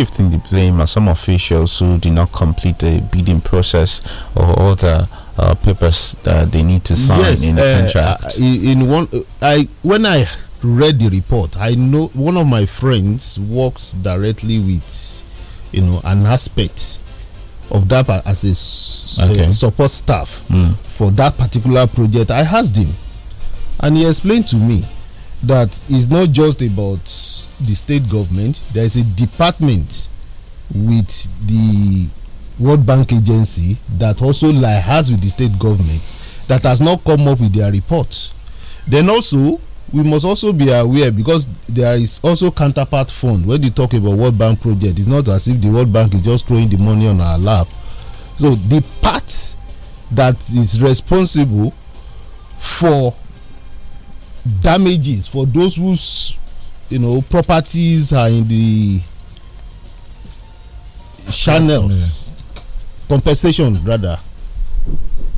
shifting the blame on some officials who did not complete the bidding process or other uh, papers that they need to sign yes, in the uh, contract. In one, I when I read the report, I know one of my friends works directly with, you know, an aspect of that as a okay. support staff mm. for that particular project. I asked him, and he explained to me that it's not just about the state government. There is a department with the World Bank Agency that also has with the state government that has not come up with their reports. Then also, we must also be aware because there is also counterpart fund when you talk about World Bank project. It's not as if the World Bank is just throwing the money on our lap. So the part that is responsible for damages for those whose you know properties are in the channels yeah. compensation rather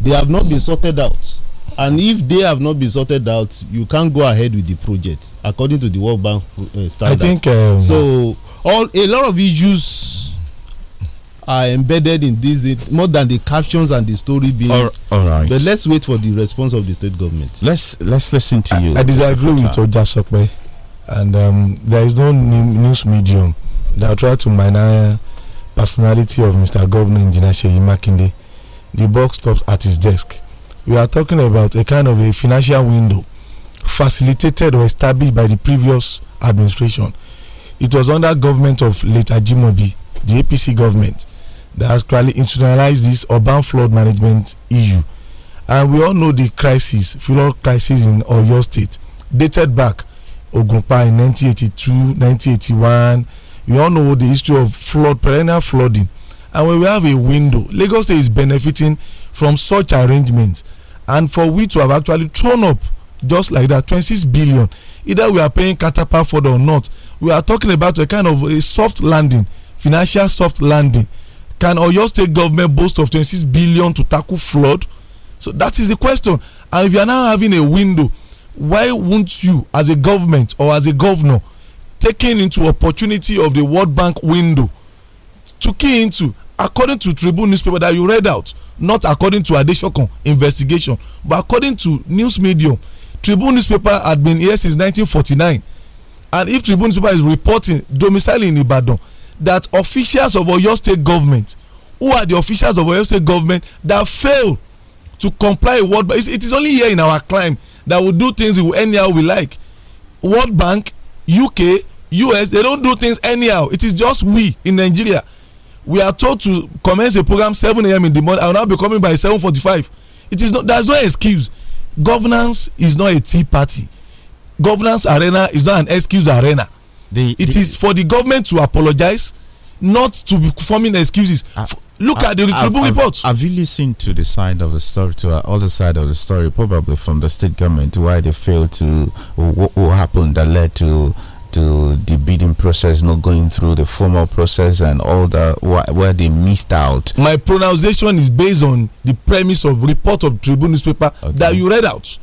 they have not been sorted out and if they have not been sorted out you can't go ahead with the project according to the world bank uh, standard i think um, so all a lot of issues are embedded in this more than the captions and the story being. All, all right. But let's wait for the response of the state government. Let's let's listen to I, you. I disagree with Ojasope, and um, there is no news medium that try to minor personality of Mr. Governor Engineer Sheyi Makinde. The box stops at his desk. We are talking about a kind of a financial window facilitated or established by the previous administration. It was under government of late Ajimobi, the APC government that actually institutionalized this urban flood management issue. And we all know the crisis, flood crisis in Oyo State, dated back Ogunpa in 1982, 1981. We all know the history of flood, perennial flooding. And when we have a window, Lagos State is benefiting from such arrangements. And for we to have actually thrown up just like that 26 billion, either we are paying catapult for it or not, we are talking about a kind of a soft landing, financial soft landing can Oyo State government boast of 26 billion to tackle flood? So that is the question. And if you are now having a window, why won't you, as a government or as a governor, taking into opportunity of the World Bank window to key into, according to Tribune newspaper that you read out, not according to Adeshokon investigation, but according to news medium, Tribune newspaper had been here since 1949, and if Tribune newspaper is reporting domicile in Ibadan, that officials of Oyo state government who are the officials of Oyo state government that fail to comply with World Bank it is only here in our climb that we do things anyhow we like World Bank UK US they don't do things anyhow it is just we in Nigeria we are told to commence a program 7 a.m. in the morning i will now be coming by 7.45 it is not there is no excuse governance is not a tea party governance arena is not an excuse arena the, it the, is for the government to apologize not to be forming excuses uh, look ah, at the tribune have report have you listened to the side of the story to uh, other side of the story probably from the state government why they failed to what, what happened that led to to the bidding process, not going through the formal process and all that, wh where they missed out. My pronunciation is based on the premise of report of Tribune newspaper okay. that you read out.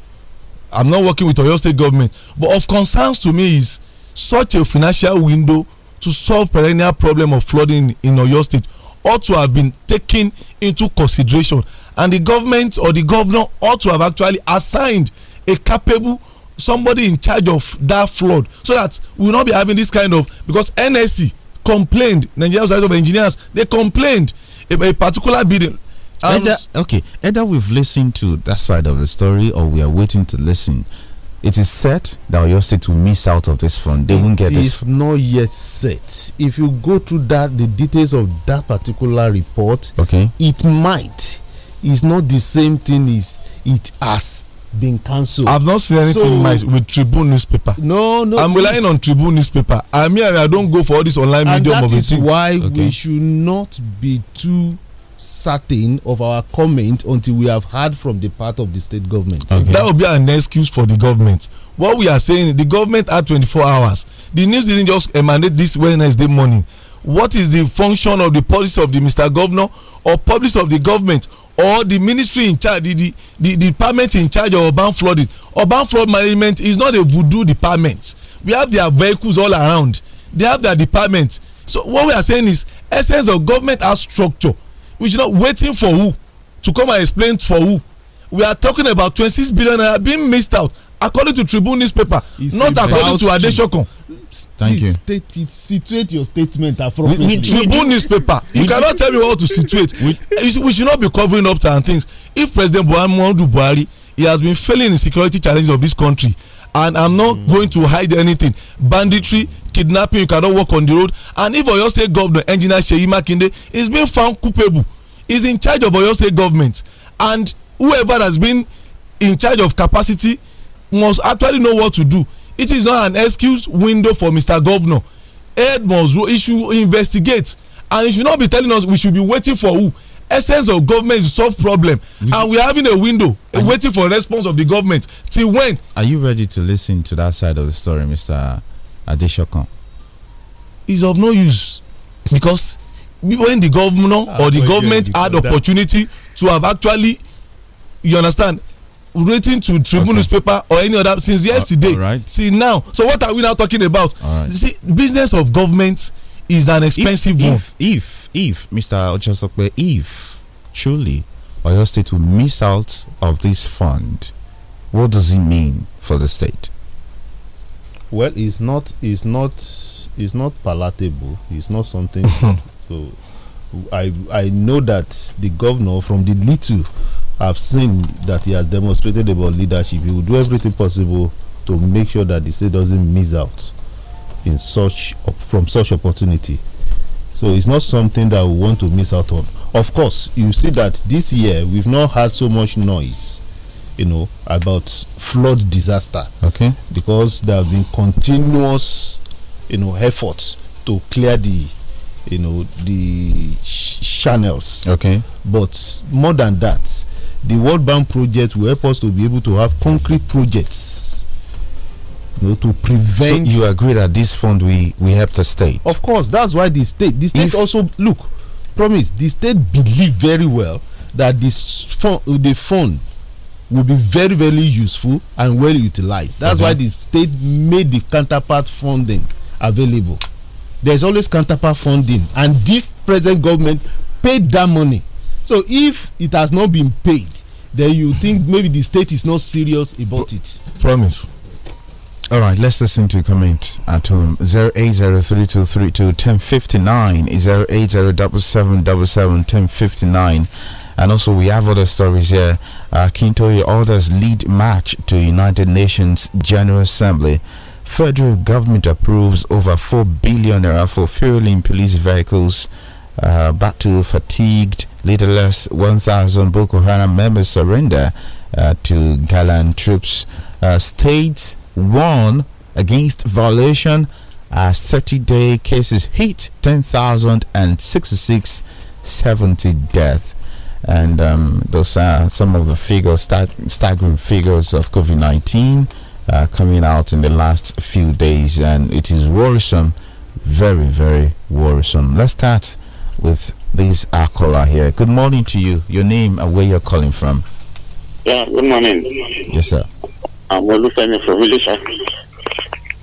I'm not working with Oyo State government, but of concerns to me is such a financial window to solve perennial problem of flooding in oyo state ought to have been taken into consideration and the government or the governor ought to have actually assigned a capable somebody in charge of that flood so that we will not be having this kind of because nsc complained Nigeria society of engineers they complained a, a particular building. either, okay either we've listened to that side of the story or we are waiting to listen it is set that your State will miss out of this fund. They it won't get this. It is not yet set. If you go to that, the details of that particular report, okay, it might. It's not the same thing. Is it has been cancelled. I've not seen anything so, with Tribune newspaper. No, no. I'm relying on Tribune newspaper. I mean, I don't go for all this online and medium of it. That is why okay. we should not be too certain of our comment until we have heard from the part of the state government. Okay. That will be an excuse for the government. What we are saying, the government had 24 hours. The news didn't just emanate this Wednesday morning. What is the function of the policy of the Mr. Governor or policy of the government or the ministry in charge, the, the, the, department in charge of urban flooding? Urban flood management is not a voodoo department. We have their vehicles all around. They have their departments. So what we are saying is essence of government are structure we should not waiting for who to come and explain for who we are talking about twenty-six billion naira being missed out according to tribune newspaper it's not according to adesokan. thank you state it, situate your statement appropriately. With, tribune newspaper you cannot tell me how to situate we should not be covering up things if president muhammadu buhari he has been failing in security challenges of this country and i'm not mm. going to hide anything banditry kidnapping you cannot walk on the road and if oyo state governor engineer seyi makinde is being found culpable is in charge of oyo state government and whoever has been in charge of capacity must actually know what to do it is not an excuse window for mr governor head must he should investigate and he should not be telling us we should be waiting for who essence of government is solve problem mm. and we are having a window waiting for response of the government till when. are you ready to listen to that side of the story mr Adesokan. Is of no use because when the governor ah, or the government had opportunity to have actually you understand written to Tribune okay. newspaper or any other since uh, yesterday. Right. See now. So what are we now talking about? Right. See, business of government is an expensive if, one. If, if, if Mr. Ochasokwe, if truly Oyo State will miss out of this fund, what does it mean for the state? Well, it's not. It's not. It's not palatable. It's not something. so, I I know that the governor, from the little I've seen that he has demonstrated about leadership, he will do everything possible to make sure that the state doesn't miss out in such from such opportunity. So it's not something that we want to miss out on. Of course, you see that this year we've not had so much noise you know, about flood disaster. Okay. Because there have been continuous, you know, efforts to clear the, you know, the channels. Okay. But more than that, the World Bank project will help us to be able to have concrete projects. know, to prevent. So you agree that this fund we we help the state. Of course, that's why the state. The state if also look, promise. The state believe very well that this fund, the fund will be very very useful and well utilized that's uh-huh. why the state made the counterpart funding available there's always counterpart funding and this present government paid that money so if it has not been paid then you think maybe the state is not serious about it promise all right, let's listen to a comment at home. 0803232 1059 0807777 1059 and also, we have other stories here. Uh, Kintoye orders lead match to United Nations General Assembly. Federal government approves over 4 billion naira for fueling police vehicles. Uh, battle fatigued, leaderless 1,000 Boko Haram members surrender uh, to Galan troops. Uh, states warn against violation as 30 day cases hit 10,066, 70 deaths and um, those are some of the figures, staggering figures of COVID 19 uh, coming out in the last few days, and it is worrisome, very, very worrisome. Let's start with this Akola here. Good morning to you, your name and where you're calling from. Yeah, good morning. Yes, sir. I'm Olufemi from Militia.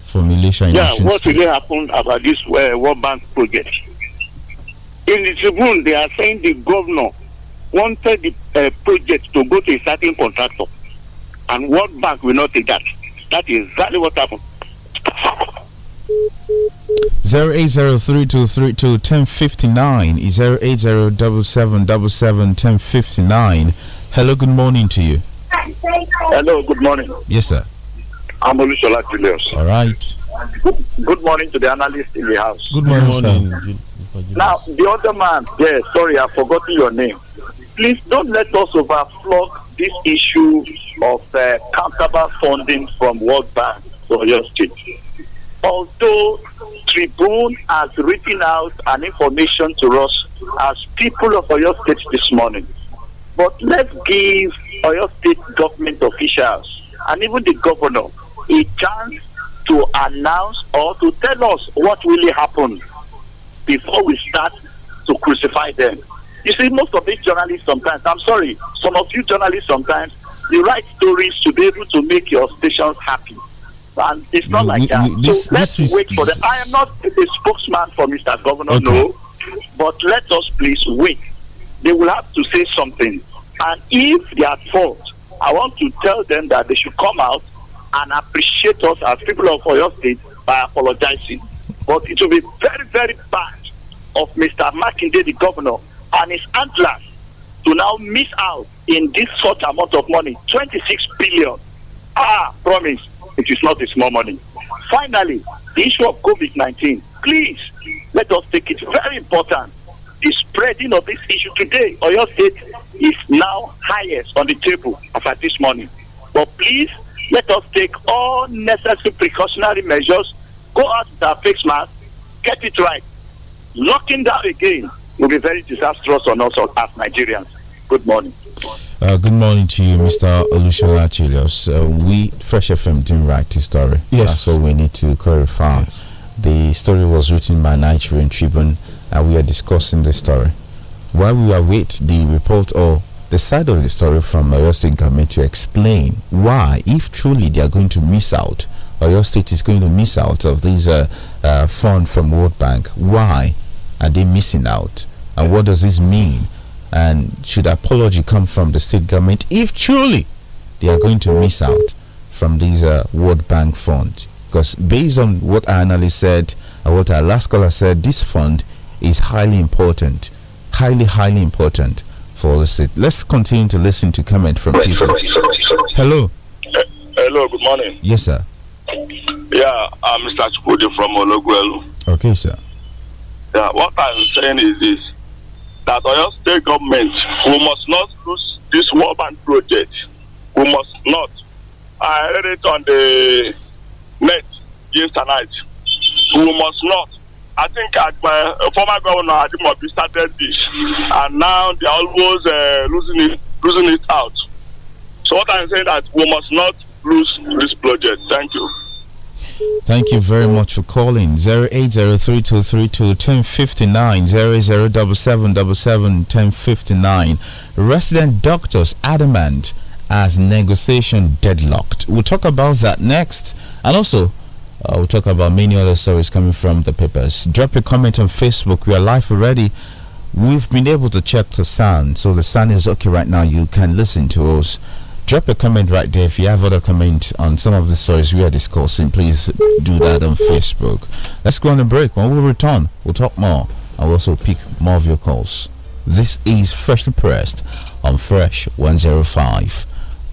From Militia Yeah, what today happened about this uh, World Bank project? In the Tribune, they are saying the governor wanted the uh, project to go to a certain contractor, and World Bank will not take that. That is exactly what happened. 08032321059 is 08077771059. Hello, good morning to you. Hello, good morning. Yes, sir. I'm Olusola Julius. All right. Good, morning to the analyst in the house. Good morning, good morning. Now, the other man, yeah, sorry, I've forgotten your name please don't let us overflow this issue of uh, countable funding from World Bank for your state. Although Tribune has written out an information to us as people of Oyo State this morning, but let's give Oyo State government officials and even the governor a chance to announce or to tell us what really happened before we start to crucify them. You see, most of these journalists sometimes, I'm sorry, some of you journalists sometimes, you write stories to be able to make your stations happy. And it's not mm, like mm, that. Mm, this, so let's is, wait for them. I am not a spokesman for Mr. Governor, okay. no. But let us please wait. They will have to say something. And if they are fault, I want to tell them that they should come out and appreciate us as people of Oyo State by apologizing. But it will be very, very bad of Mr. Mackinday, the governor, and his antlers to now miss out in this short amount of money 26 billion ah promise it is not a small money finally the issue of covid-19 please let us take it very important the spreading of this issue today your state is now highest on the table as this morning but please let us take all necessary precautionary measures go out with our face mask get it right locking down again will be very disastrous on us as Nigerians. Good morning. Uh, good morning to you, Mr. Olusola Chilios. Uh, we, Fresh FM, didn't write this story. Yes. So we need to clarify. Yes. The story was written by Nigerian Tribune, and we are discussing the story. While we await the report or the side of the story from Oyo State government to explain why, if truly they are going to miss out, Oyo State is going to miss out of these uh, uh, fund from World Bank, why are they missing out? and what does this mean? And should apology come from the state government if truly they are going to miss out from these uh, World Bank fund? Because based on what our analyst said what our last caller said, this fund is highly important, highly, highly important for the state. Let's continue to listen to comment from people. Hello. hello, good morning. Yes, sir. Yeah, I'm Mr. Chukudi from Ologwelu. Okay, sir. Yeah, what I'm saying is this that Oyo State government, we must not lose this Warband project. We must not. I read it on the net yesterday night. We must not. I think uh, my former governor Adimobi started this, and now they are always uh, losing it, losing it out. So what I'm saying that we must not lose this project. Thank you. Thank you very much for calling. 08032321059 1059 Resident doctors adamant as negotiation deadlocked. We'll talk about that next. And also, uh, we'll talk about many other stories coming from the papers. Drop your comment on Facebook. We are live already. We've been able to check the sound. So the sound is okay right now. You can listen to us drop a comment right there. If you have other comments on some of the stories we are discussing, please do that on Facebook. Let's go on a break. When we return, we'll talk more and we'll also pick more of your calls. This is Freshly Pressed on Fresh 105.9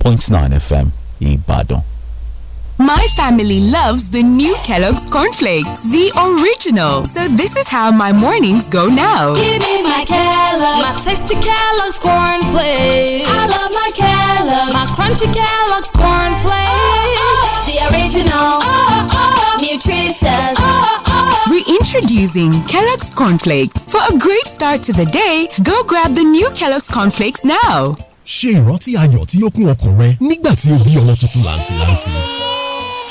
FM Ibadan. My family loves the new Kellogg's cornflakes, the original. So this is how my mornings go now. Give me my Kellogg's, my tasty Kellogg's cornflakes. I love my Kellogg's, my crunchy Kellogg's cornflakes. Oh, oh, oh. the original, oh, oh, oh, nutritious. Oh, oh, Reintroducing Kellogg's cornflakes. For a great start to the day, go grab the new Kellogg's cornflakes now. Ṣe ìrántí ayọ̀ tí ó kún ọkàn rẹ nígbà tí o bí ọmọ tuntun làǹtìlanti.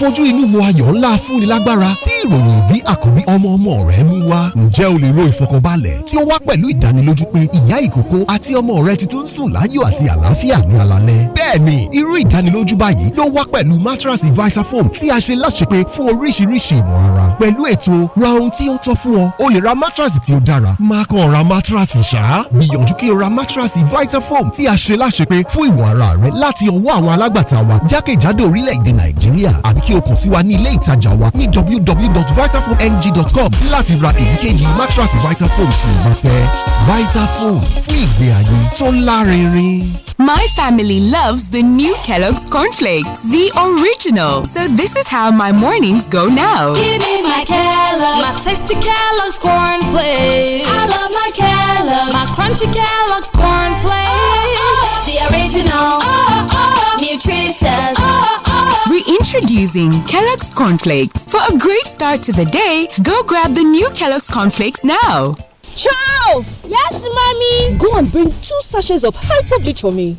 fojú inú wo ayọ̀ ńlá fúnni lágbára tí ìròyìn bí àkọ́bí ọmọ ọmọ rẹ̀ mú wá. ǹjẹ́ o lè ro ìfọkànbalẹ̀ tí ó wá pẹ̀lú ìdánilójú pé ìyá ìkókó àti ọmọ rẹ̀ ti tún sùn láyọ̀ àti àlàáfíà ní alalẹ́. bẹ́ẹ̀ni irú ìdánilójú báyìí ló wá pẹ̀lú matrasi Vitafoam tí a ṣe láṣepé fún oríṣiríṣi ìwọ̀n ara. pẹ̀lú ètò ra ohun tí ó tọ́ fún ọ o lè ra matrasi tí ó dára má kàn ra matrasi ṣá. gbìyànjú kí o ra matrasi Vitafoam tí a ṣe láṣepé fún ìwọ̀n ara rẹ láti ọwọ́ àwọn alágbàtà wa jákèjádò orílẹ̀-èdè Nàìjíríà àbí kí kí o kàn sí wa ní ilé ìtajà wa ní www.vitafoamng.com láti ra èyíkéyìí mattress Vitafoam tí o bá fẹ́ Vitafoam fún ìgbé ayé tó lárinrin. My family loves the new Kellogg's cornflakes, the original. So this is how my mornings go now. Give me my Kellogg's, my tasty Kellogg's cornflakes. I love my Kellogg's, my crunchy Kellogg's cornflakes. Oh, oh, the original, oh, oh, oh. nutritious. Oh. Introducing Kellogg's Cornflakes. For a great start to the day, go grab the new Kellogg's Cornflakes now. Charles! Yes, mommy? Go and bring two sachets of hyper bleach for me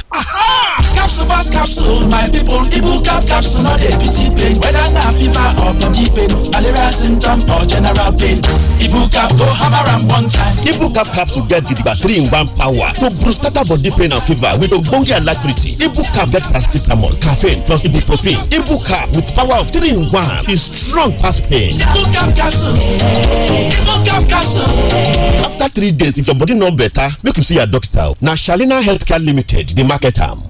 Capsule pass capsule, my people. Ibu cap capsule, not a pity pain. Whether na fever or body pain, malaria symptom or general pain. Ibu cap go hammer and one time. Ibu cap capsule get the battery in one power to boost scatter body pain and fever with ogbonge alacrity. Ibu cap get paracetamol, caffeine plus ibuprofen. Ibu cap with power of three in one is strong past pain. Ibu cap capsule. Ibu cap capsule. After three days, if your body no better, make you see your doctor. Now Shalina Healthcare Limited. The market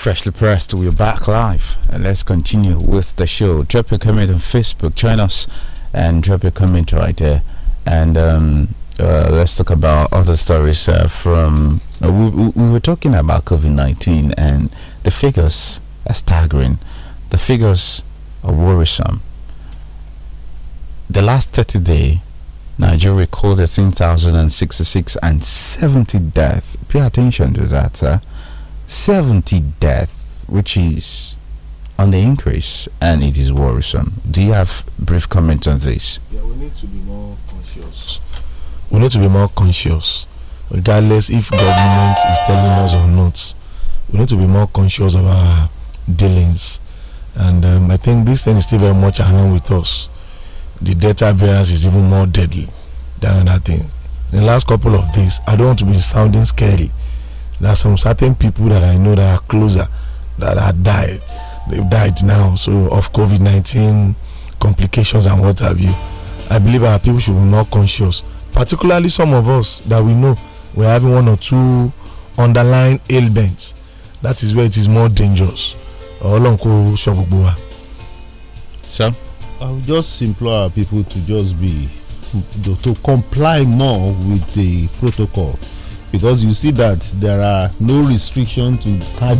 Freshly pressed, we're back live, and let's continue with the show. Drop your comment on Facebook, join us, and drop your comment right there. And um, uh, let's talk about other stories uh, from. Uh, we, we, were talking about COVID 19, and the figures are staggering. The figures are worrisome. The last 30 day, Nigeria recorded 10,066 and 70 deaths. Pay attention to that, sir. 70 deaths, which is on the increase and it is worrisome. Do you have brief comment on this? Yeah, we need to be more conscious. We need to be more conscious, regardless if government is telling us or not. We need to be more conscious of our dealings. And um, I think this thing is still very much hanging with us. The data variance is even more deadly than another thing. In the last couple of days, I don't want to be sounding scary, there are some certain people that I know that are closer that have died. They've died now, so of COVID 19 complications and what have you. I believe our people should be more conscious, particularly some of us that we know we're having one or two underlying ailments. That is where it is more dangerous. Sir? I would just implore people to just be to comply more with the protocol because you see that there are no restrictions to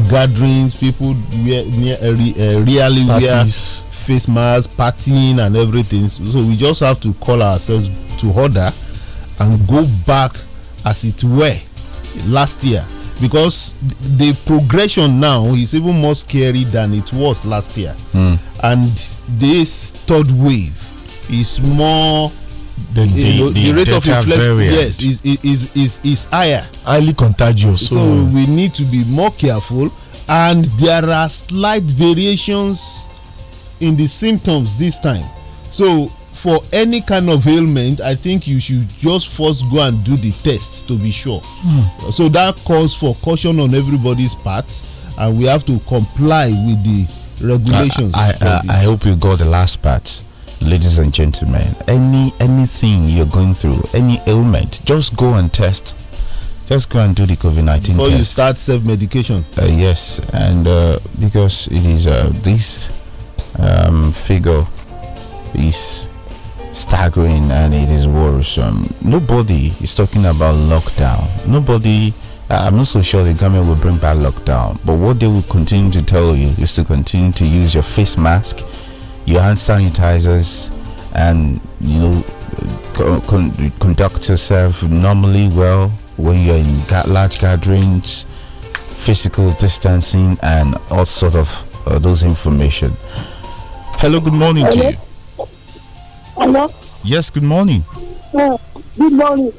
gatherings people wear, near, uh, eh, really eh, wear face masks partying and everything so we just have to call ourselves to order and go back as it were last year because the progression now is even more scary than it was last year mm. and this third wave is more the, the, the, rate of infection yes is, is is is higher highly contagious so, so we need to be more careful and there are slight variations in the symptoms this time so for any kind of ailment i think you should just first go and do the test to be sure hmm. so that calls for caution on everybody's part and we have to comply with the regulations i i, I, I hope you got the last part ladies and gentlemen, any anything you're going through, any ailment, just go and test. Just go and do the COVID nineteen. Before test. you start self medication. Uh, yes, and uh, because it is uh, this um, figure is staggering and it is worrisome. Nobody is talking about lockdown. Nobody. I'm not so sure the government will bring back lockdown, but what they will continue to tell you is to continue to use your face mask your hand sanitizers, and you know, con con conduct yourself normally well when you're in large gatherings, physical distancing, and all sort of uh, those information. Hello, good morning Hello? to you. Hello. Yes, good morning. Uh, good morning.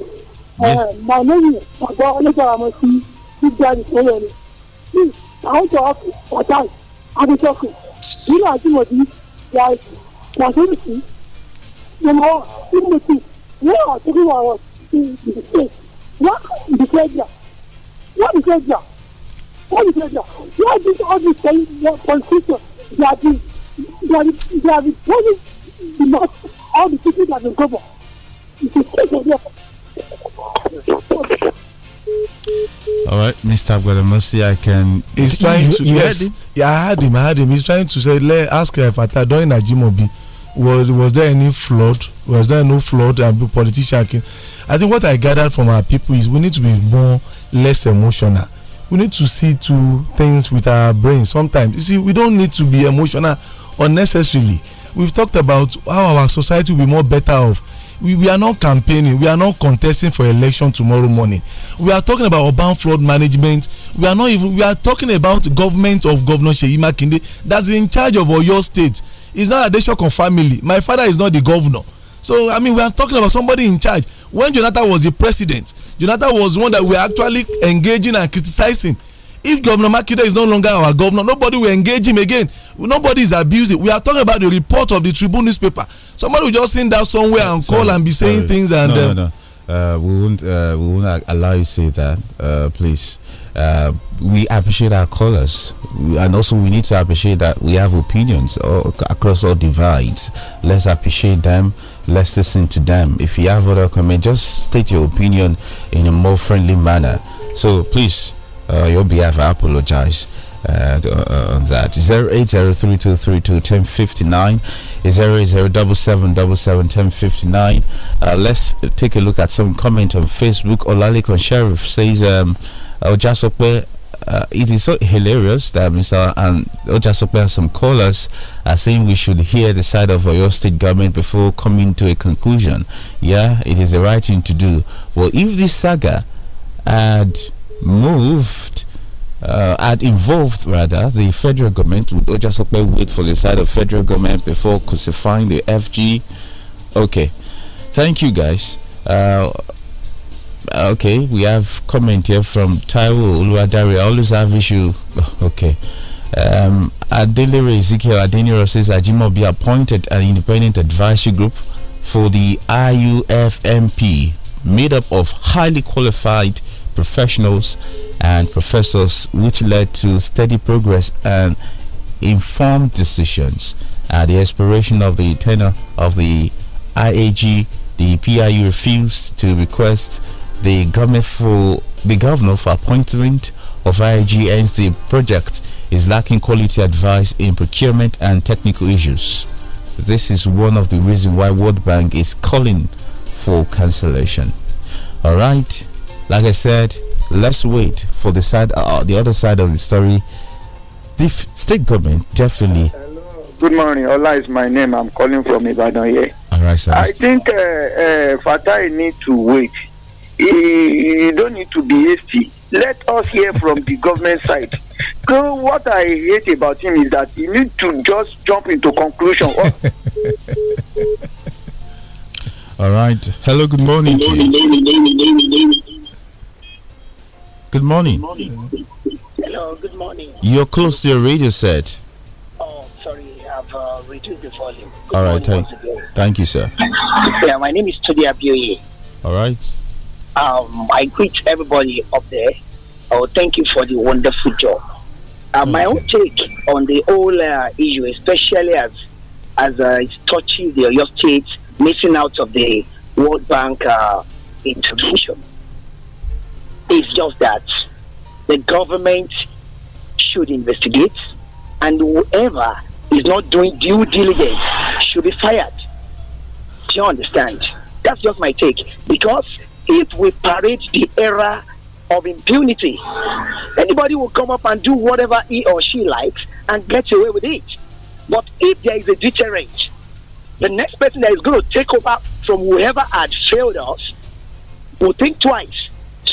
Uh, yes. Uh, my name is Please, I want to ask time. I'm talking. You know, I think what like diversity, you know, in the city, we are talking about in the state. What behavior? What pleasure? What behavior? Why did all these things, politicians, they are the, they are the, they are the, the most, all the people that are in government? It's a state of all right, Mr. Abgadamosi, I can. He's trying you, to. Yes, yeah, I had him. I had him. He's trying to say, let ask if I during Jimobi, was was there any flood? Was there no flood? And politician came. I think what I gathered from our people is we need to be more less emotional. We need to see two things with our brain. Sometimes you see, we don't need to be emotional unnecessarily. We've talked about how our society will be more better off we, we are not campaigning we are not contesting for election tomorrow morning we are talking about urban flood management we are not even we are talking about government of governor seyi makinde that's in charge of oyo state it's not adesokan family my father is not the governor so i mean we are talking about somebody in charge when jonathan was the president jonathan was the one that we are actually engaging and criticizing if governor makinde is no longer our governor nobody will engage him again nobody is abusing we are talking about the report of the tribune newspaper somebody will just sit down somewhere and sorry, call and be saying sorry. things and. No, no, uh, no. Uh, we won't uh, we won't allow you to say that uh, please uh, we appreciate our callers and also we need to appreciate that we have opinions all, across all divides let's appreciate them let's listen to them if you have other comment just state your opinion in a more friendly manner so please uh, your behalf, I apologize. Uh, uh, on that Zero eight zero three two is 08077771059 uh, let's take a look at some comment on facebook olalikon sheriff says um ojasope uh, it is so hilarious that Mr. and Ojasope and some callers are saying we should hear the side of your State government before coming to a conclusion. Yeah, it is the right thing to do. Well, if this saga had moved uh, had involved rather the federal government would just wait for the side of federal government before crucifying the FG. Okay, thank you guys. Uh, okay, we have comment here from Taiwo Oluwadari. I always have issue. Okay. Um, Adelere Ezekiel Adeniro says Ajimobi appointed an independent advisory group for the IUFMP made up of highly qualified professionals and professors, which led to steady progress and informed decisions. At the expiration of the tenure of the IAG, the PIU refused to request the government for the governor for appointment of IAG ends the project is lacking quality advice in procurement and technical issues. This is one of the reasons why World Bank is calling for cancellation. All right, like I said, let's wait for the side, uh, the other side of the story. The state government definitely. Hello. Good morning. Ola is my name. I'm calling from Ibadan here. All right, sir. I think uh, uh, Fatai need to wait. You don't need to be hasty. Let us hear from the government side. So what I hate about him is that he need to just jump into conclusion. All right. Hello. Good morning. Good morning. Good morning. Hello, good morning. You're close to your radio set. Oh, sorry, I've uh, reduced the volume. Good All right, thank, thank you, sir. Yeah, my name is Tudia Abioye. All right. Um, I greet everybody up there. Oh, thank you for the wonderful job. Uh, my own take on the whole uh, issue, especially as as uh, it's touching the Oyo State missing out of the World Bank uh, intervention. It's just that the government should investigate, and whoever is not doing due diligence should be fired. Do you understand? That's just my take. Because if we parade the era of impunity, anybody will come up and do whatever he or she likes and get away with it. But if there is a deterrent, the next person that is going to take over from whoever had failed us will think twice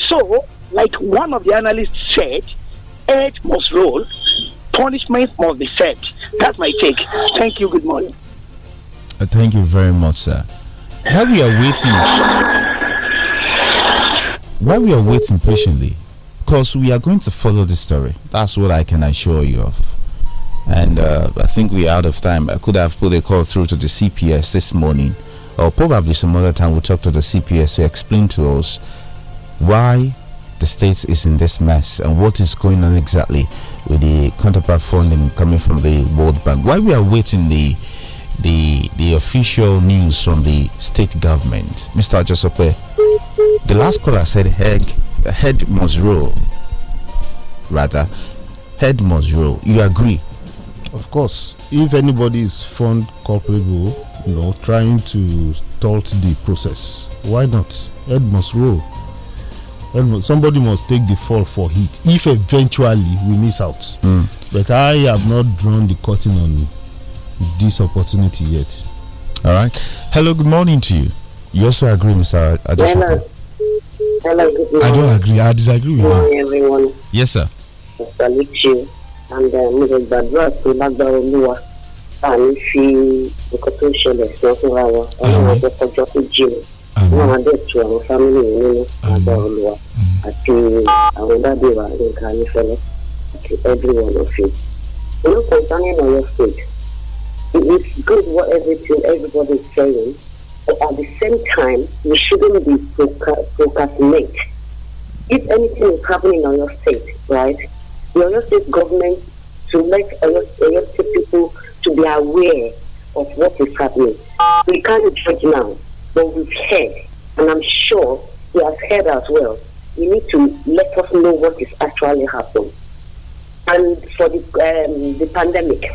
so, like one of the analysts said, edge must roll, punishment must be set. That's my take. Thank you. Good morning. Uh, thank you very much, sir. While we are waiting, while we are waiting patiently, because we are going to follow the story. That's what I can assure you of. And uh, I think we're out of time. I could have put a call through to the CPS this morning, or probably some other time we'll talk to the CPS to explain to us why the state is in this mess and what is going on exactly with the counterpart funding coming from the World Bank. Why we are waiting the the the official news from the state government, Mr. Josope, the last caller said head head must rule." Rather, head must rule. You agree? Of course. If anybody is found culpable, you know, trying to thwart the process, why not? Head must rule somebody must take the fall for it if eventually we miss out. Mm. But I have not drawn the curtain on this opportunity yet. All right. Hello, good morning to you. You also agree, Mr. Adeshoka? Hello. Hello, I don't agree. I disagree with you. everyone. Yes, sir. And Mrs. Badra to And because our, and Jockey wọn adé tu àwọn fámìlì yìí nínú àgbà olùwà àti àwọn dábìí wa nǹka nífẹlẹ àti everyone of you. you know concerning oyo state it is good what everything everybody is saying but at the same time we shouldn't be procrastinate. if anything is happening on your state right the oyo state government to make oyo state people to be aware of what is happening we can't judge now but we've heard, and I'm sure he has heard as well. You need to let us know what is actually happening. And for the um, the pandemic,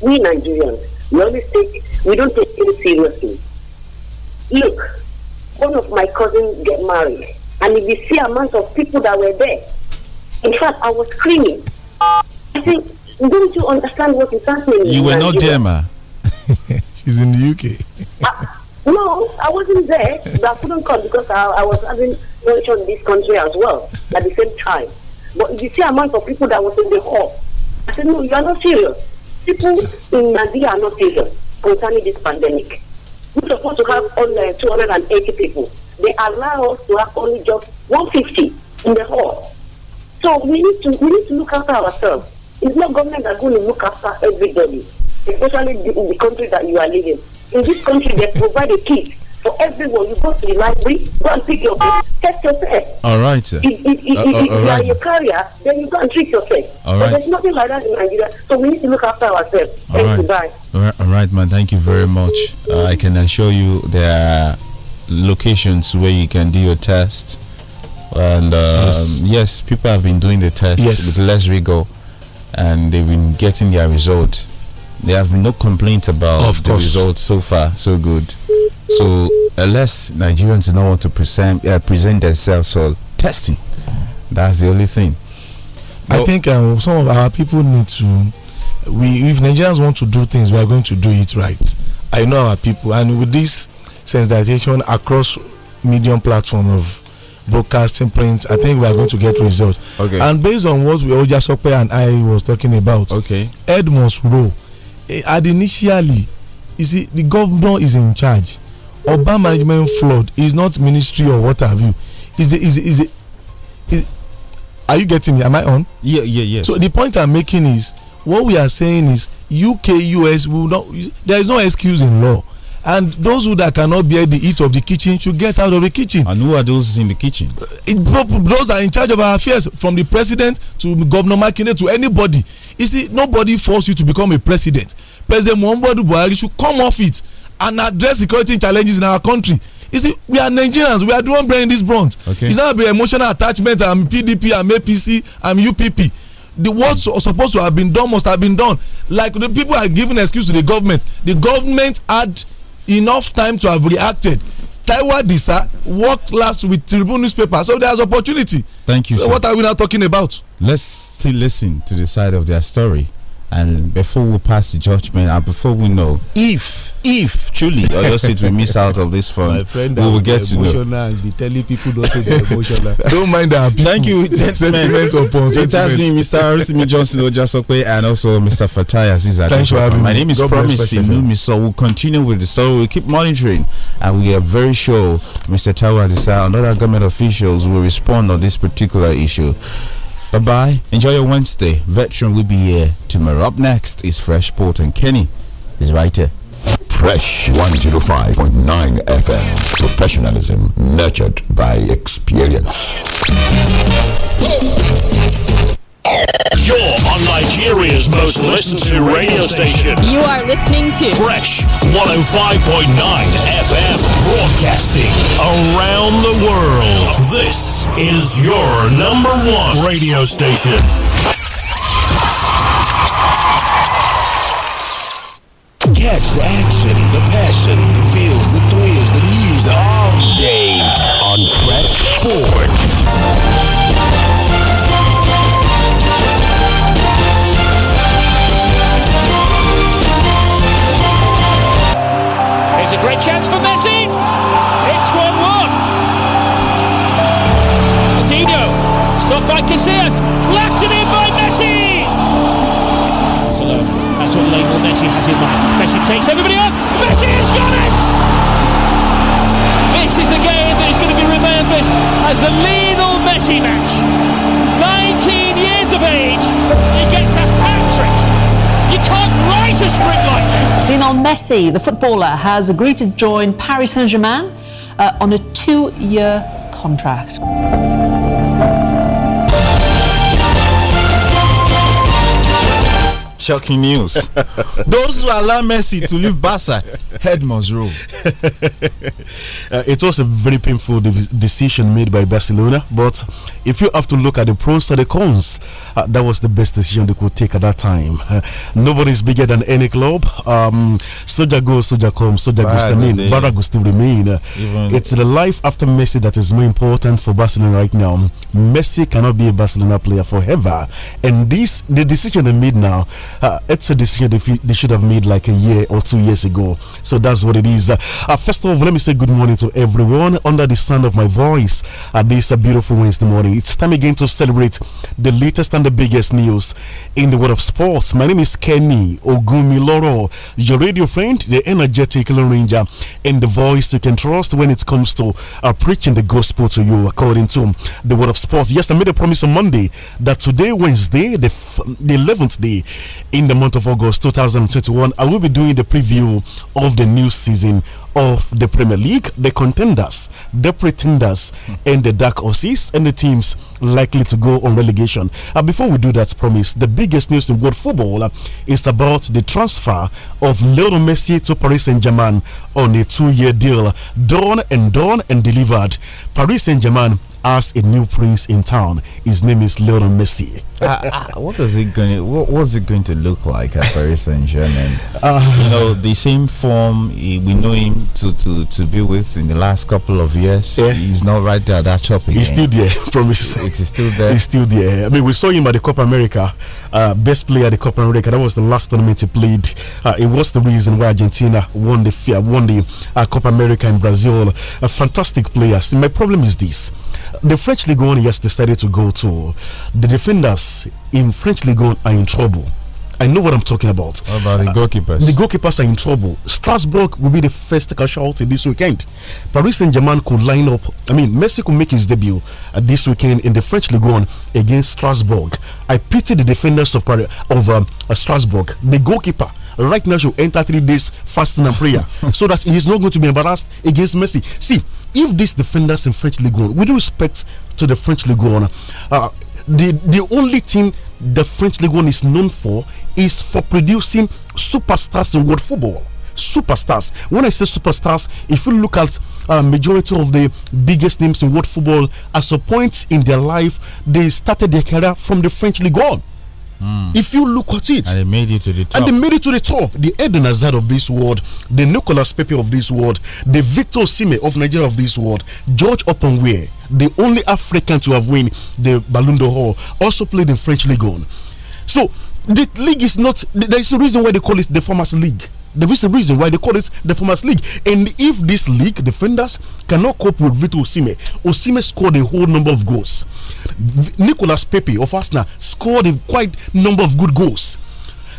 we Nigerians, we always take we don't take it seriously. Look, one of my cousins get married, and if you see amount of people that were there, in fact, I was screaming. I think, don't you understand what is happening? You were not there, ma. She's in the UK. No, I wasn't there, but I couldn't come because I, I was having luncheon in this country as well at the same time. But you see, amount of people that was in the hall. I said, no, you are not serious. People in Nigeria are not serious concerning this pandemic. We're supposed to have only 280 people. They allow us to have only just 150 in the hall. So we need to we need to look after ourselves. It's not government that's going to look after everybody, especially in the country that you are living in this country they provide a kit for everyone. You go to the library, go and pick your book, test yourself. All right. If, if, if, uh, if, uh, if you right. are your carrier, then you go and treat yourself. All but right. there's nothing like that in Nigeria, so we need to look after ourselves. All thank right. you, all right, man. Thank you very much. Uh, I can assure you there are locations where you can do your test. And um, yes. yes. people have been doing the test yes. with less rigor and they've been getting their result there have been no complaints about of the results so far. So good. So unless Nigerians don't want to present uh, present themselves for testing, that's the only thing. But I think uh, some of our people need to. We, if Nigerians want to do things, we are going to do it right. I know our people, and with this sensitization across medium platform of broadcasting print i think we are going to get results okay and based on what we all ojasope and i was talking about okay ed must Eh, at initially you see the governor is in charge urban management flood is not ministry or what have you is is is are you getting me am i on. yeah yeah yeah. so the point i'm making is what we are saying is uk us will not there is no excuse in law and those who that cannot bear the heat of the kitchen should get out of the kitchen. and who are those in the kitchen. Uh, it, those are in charge of our affairs from the president to governor makinde to anybody you see nobody force you to become a president president muhammadu buhari should come off it and address security challenges in our country you see we are nigerians we are the one bearing this brunt. okay it's not be emotional attachment i'm pdp i'm apc i'm upp the work supposed to have been done must have been done like the people are giving excuse to the government the government had enough time to have reacted. Taiwa Disa worked last with Tribune newspaper, so there's opportunity. Thank you. So sir. what are we now talking about? Let's still listen to the side of their story and before we pass the judgment and before we know if if truly Oyo State will miss out of this fund, we will get to know. And be telling people not to be emotional. Don't mind that. Thank you, gentlemen. it has been Mr. Rotimi Johnson Ojasokwe and also Mr. Fatai Aziz. Thanks for having My me. name is Promising, Promise so we'll continue with the story. We'll keep monitoring, and we are very sure Mr. Tawadisa and other government officials will respond on this particular issue. Bye bye. Enjoy your Wednesday. Veteran will be here tomorrow. Up next is Fresh Port and Kenny is right here. Fresh 105.9 FM. Professionalism nurtured by experience. You're on Nigeria's most listened to radio station. You are listening to Fresh 105.9 FM broadcasting around the world. This is your number one radio station. Catch the action, the passion, by Casillas, blasted in by Messi! Barcelona, that's what label Messi has in mind. Messi takes everybody up. Messi has got it! This is the game that is going to be remembered as the Lionel Messi match. 19 years of age, he gets a hat-trick! You can't write a script like this! Lionel Messi, the footballer, has agreed to join Paris Saint-Germain uh, on a two-year contract. shocking news. Those who allow Messi to leave Barca Head must roll. uh, it was a very painful de decision made by Barcelona, but if you have to look at the pros and the cons, uh, that was the best decision they could take at that time. Uh, nobody is bigger than any club. Um, soja goes, soja comes, soja goes to mean, still remain. Uh, it's the life after Messi that is more important for Barcelona right now. Messi cannot be a Barcelona player forever, and this the decision they made now. Uh, it's a decision they, they should have made like a year or two years ago. So that's what it is. Uh, first of all, let me say good morning to everyone under the sound of my voice at this uh, beautiful Wednesday morning. It's time again to celebrate the latest and the biggest news in the world of sports. My name is Kenny Ogumiloro, your radio friend, the energetic ranger, and the voice you can trust when it comes to uh, preaching the gospel to you according to the world of sports. Yes, I made a promise on Monday that today, Wednesday, the, the 11th day in the month of August 2021, I will be doing the preview of the new season of the Premier League, the contenders, the pretenders, and the dark horses, and the teams likely to go on relegation. Uh, before we do that, promise the biggest news in world football uh, is about the transfer of Lionel Messi to Paris Saint Germain on a two year deal. Done and done and delivered. Paris Saint Germain has a new prince in town. His name is Lionel Messi. uh, uh, what is it going? To, what it going to look like at Paris Saint Germain? Uh, you know, the same form he, we know him to, to to be with in the last couple of years. Yeah. he's not right there at that shop. Again. He's still there. Promise. It is still there. He's still there. I mean, we saw him at the Copa America, uh, best player at the Copa America. That was the last tournament he played. Uh, it was the reason why Argentina won the uh, won the Copa America in Brazil. A fantastic player. See, my problem is this. The French League One yes decided to go to the defenders in French League One are in trouble. I know what I'm talking about. about the uh, goalkeepers? Uh, the goalkeepers are in trouble. Strasbourg will be the first casualty this weekend. Paris Saint Germain could line up. I mean, Messi could make his debut uh, this weekend in the French League One against Strasbourg. I pity the defenders of Paris, of um, uh, Strasbourg. The goalkeeper right now should enter three days fasting and prayer so that he is not going to be embarrassed against Messi. See, if these defenders in French League One, with respect to the French League One, uh, the, the only thing the French League One is known for is for producing superstars in world football superstars. When I say superstars, if you look at uh, majority of the biggest names in world football, at some point in their life, they started their career from the French League one. Mm. If you look at it, and they made it to the top, and they made it to the top, the Eden Hazard of this world, the Nicolas Pepe of this world, the Victor Sime of Nigeria of this world, George Openweir, the only African to have won the Ballon d'Or, also played in French League So the league is not. There is a reason why they call it the Farmers League there is a reason why they call it the Formers League. And if this league defenders cannot cope with Vito Osime, Osime scored a whole number of goals. Nicolas Pepe of Arsenal scored a quite number of good goals.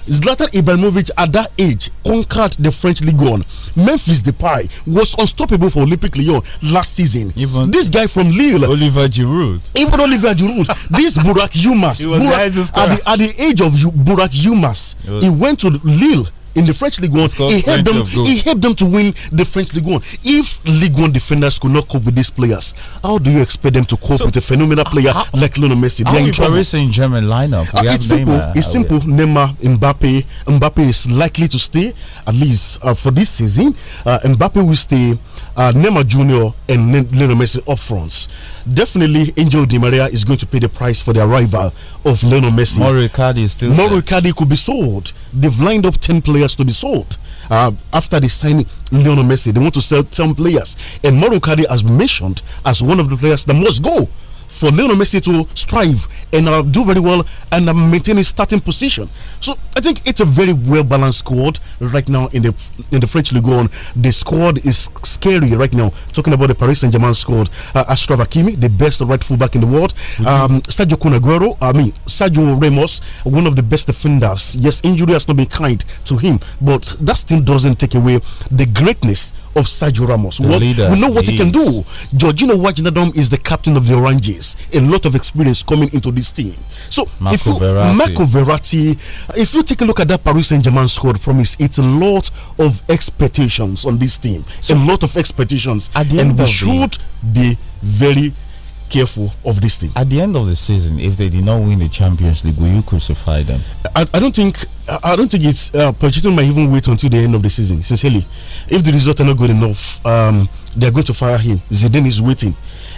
Zlatan Ibrahimovic at that age conquered the French League One. Memphis Depay was unstoppable for Olympic Lyon last season. Even this guy from Lille, Oliver Giroud, even Oliver Giroud, this Burak Yilmaz, Burak, at, the, at the age of Burak Yilmaz, he went to Lille in the French League One. He helped them. He helped them to win the French League One. If League One defenders could not cope with these players, how do you expect them to cope so, with a phenomenal player how, like Lionel Messi? How in Paris Saint German lineup? Uh, it's simple. Neymar, it's simple. Neymar, Mbappe. Mbappe is likely to stay at least uh, for this season. Uh, Mbappe will stay. Uh, Neymar Junior and Lionel Messi up front. Definitely, Angel Di Maria is going to pay the price for the arrival of Lionel Messi. Mauro Icardi is still. Mauro Icardi could be sold. They've lined up ten players players to be sold uh, after the signing Lionel Messi. They want to sell 10 players. And Morukade has been mentioned as one of the players that must go for Lionel Messi to strive and uh, do very well and uh, maintain his starting position. So I think it's a very well balanced squad right now in the in the French Ligue 1. The squad is scary right now. Talking about the Paris Saint Germain squad, uh, Ashraf the best right fullback in the world, mm -hmm. um, Sergio Cunaguero, I mean Sergio Ramos, one of the best defenders. Yes, injury has not been kind to him, but that still doesn't take away the greatness of Sergio Ramos. we know what he, he can do. Georgino Wajnadom is the captain of the Oranges. A lot of experience coming into this team. So Marco if you, Verratti. Marco Verratti, if you take a look at that Paris Saint-Germain squad, promise it's a lot of expectations on this team. So, a lot of expectations, and we should be very careful of this thing. At the end of the season, if they did not win the Champions League, will you crucify them? I, I don't think I don't think it's uh, Pochettino might even wait until the end of the season. Sincerely, if the results are not good enough, um, they are going to fire him. Zidane is waiting,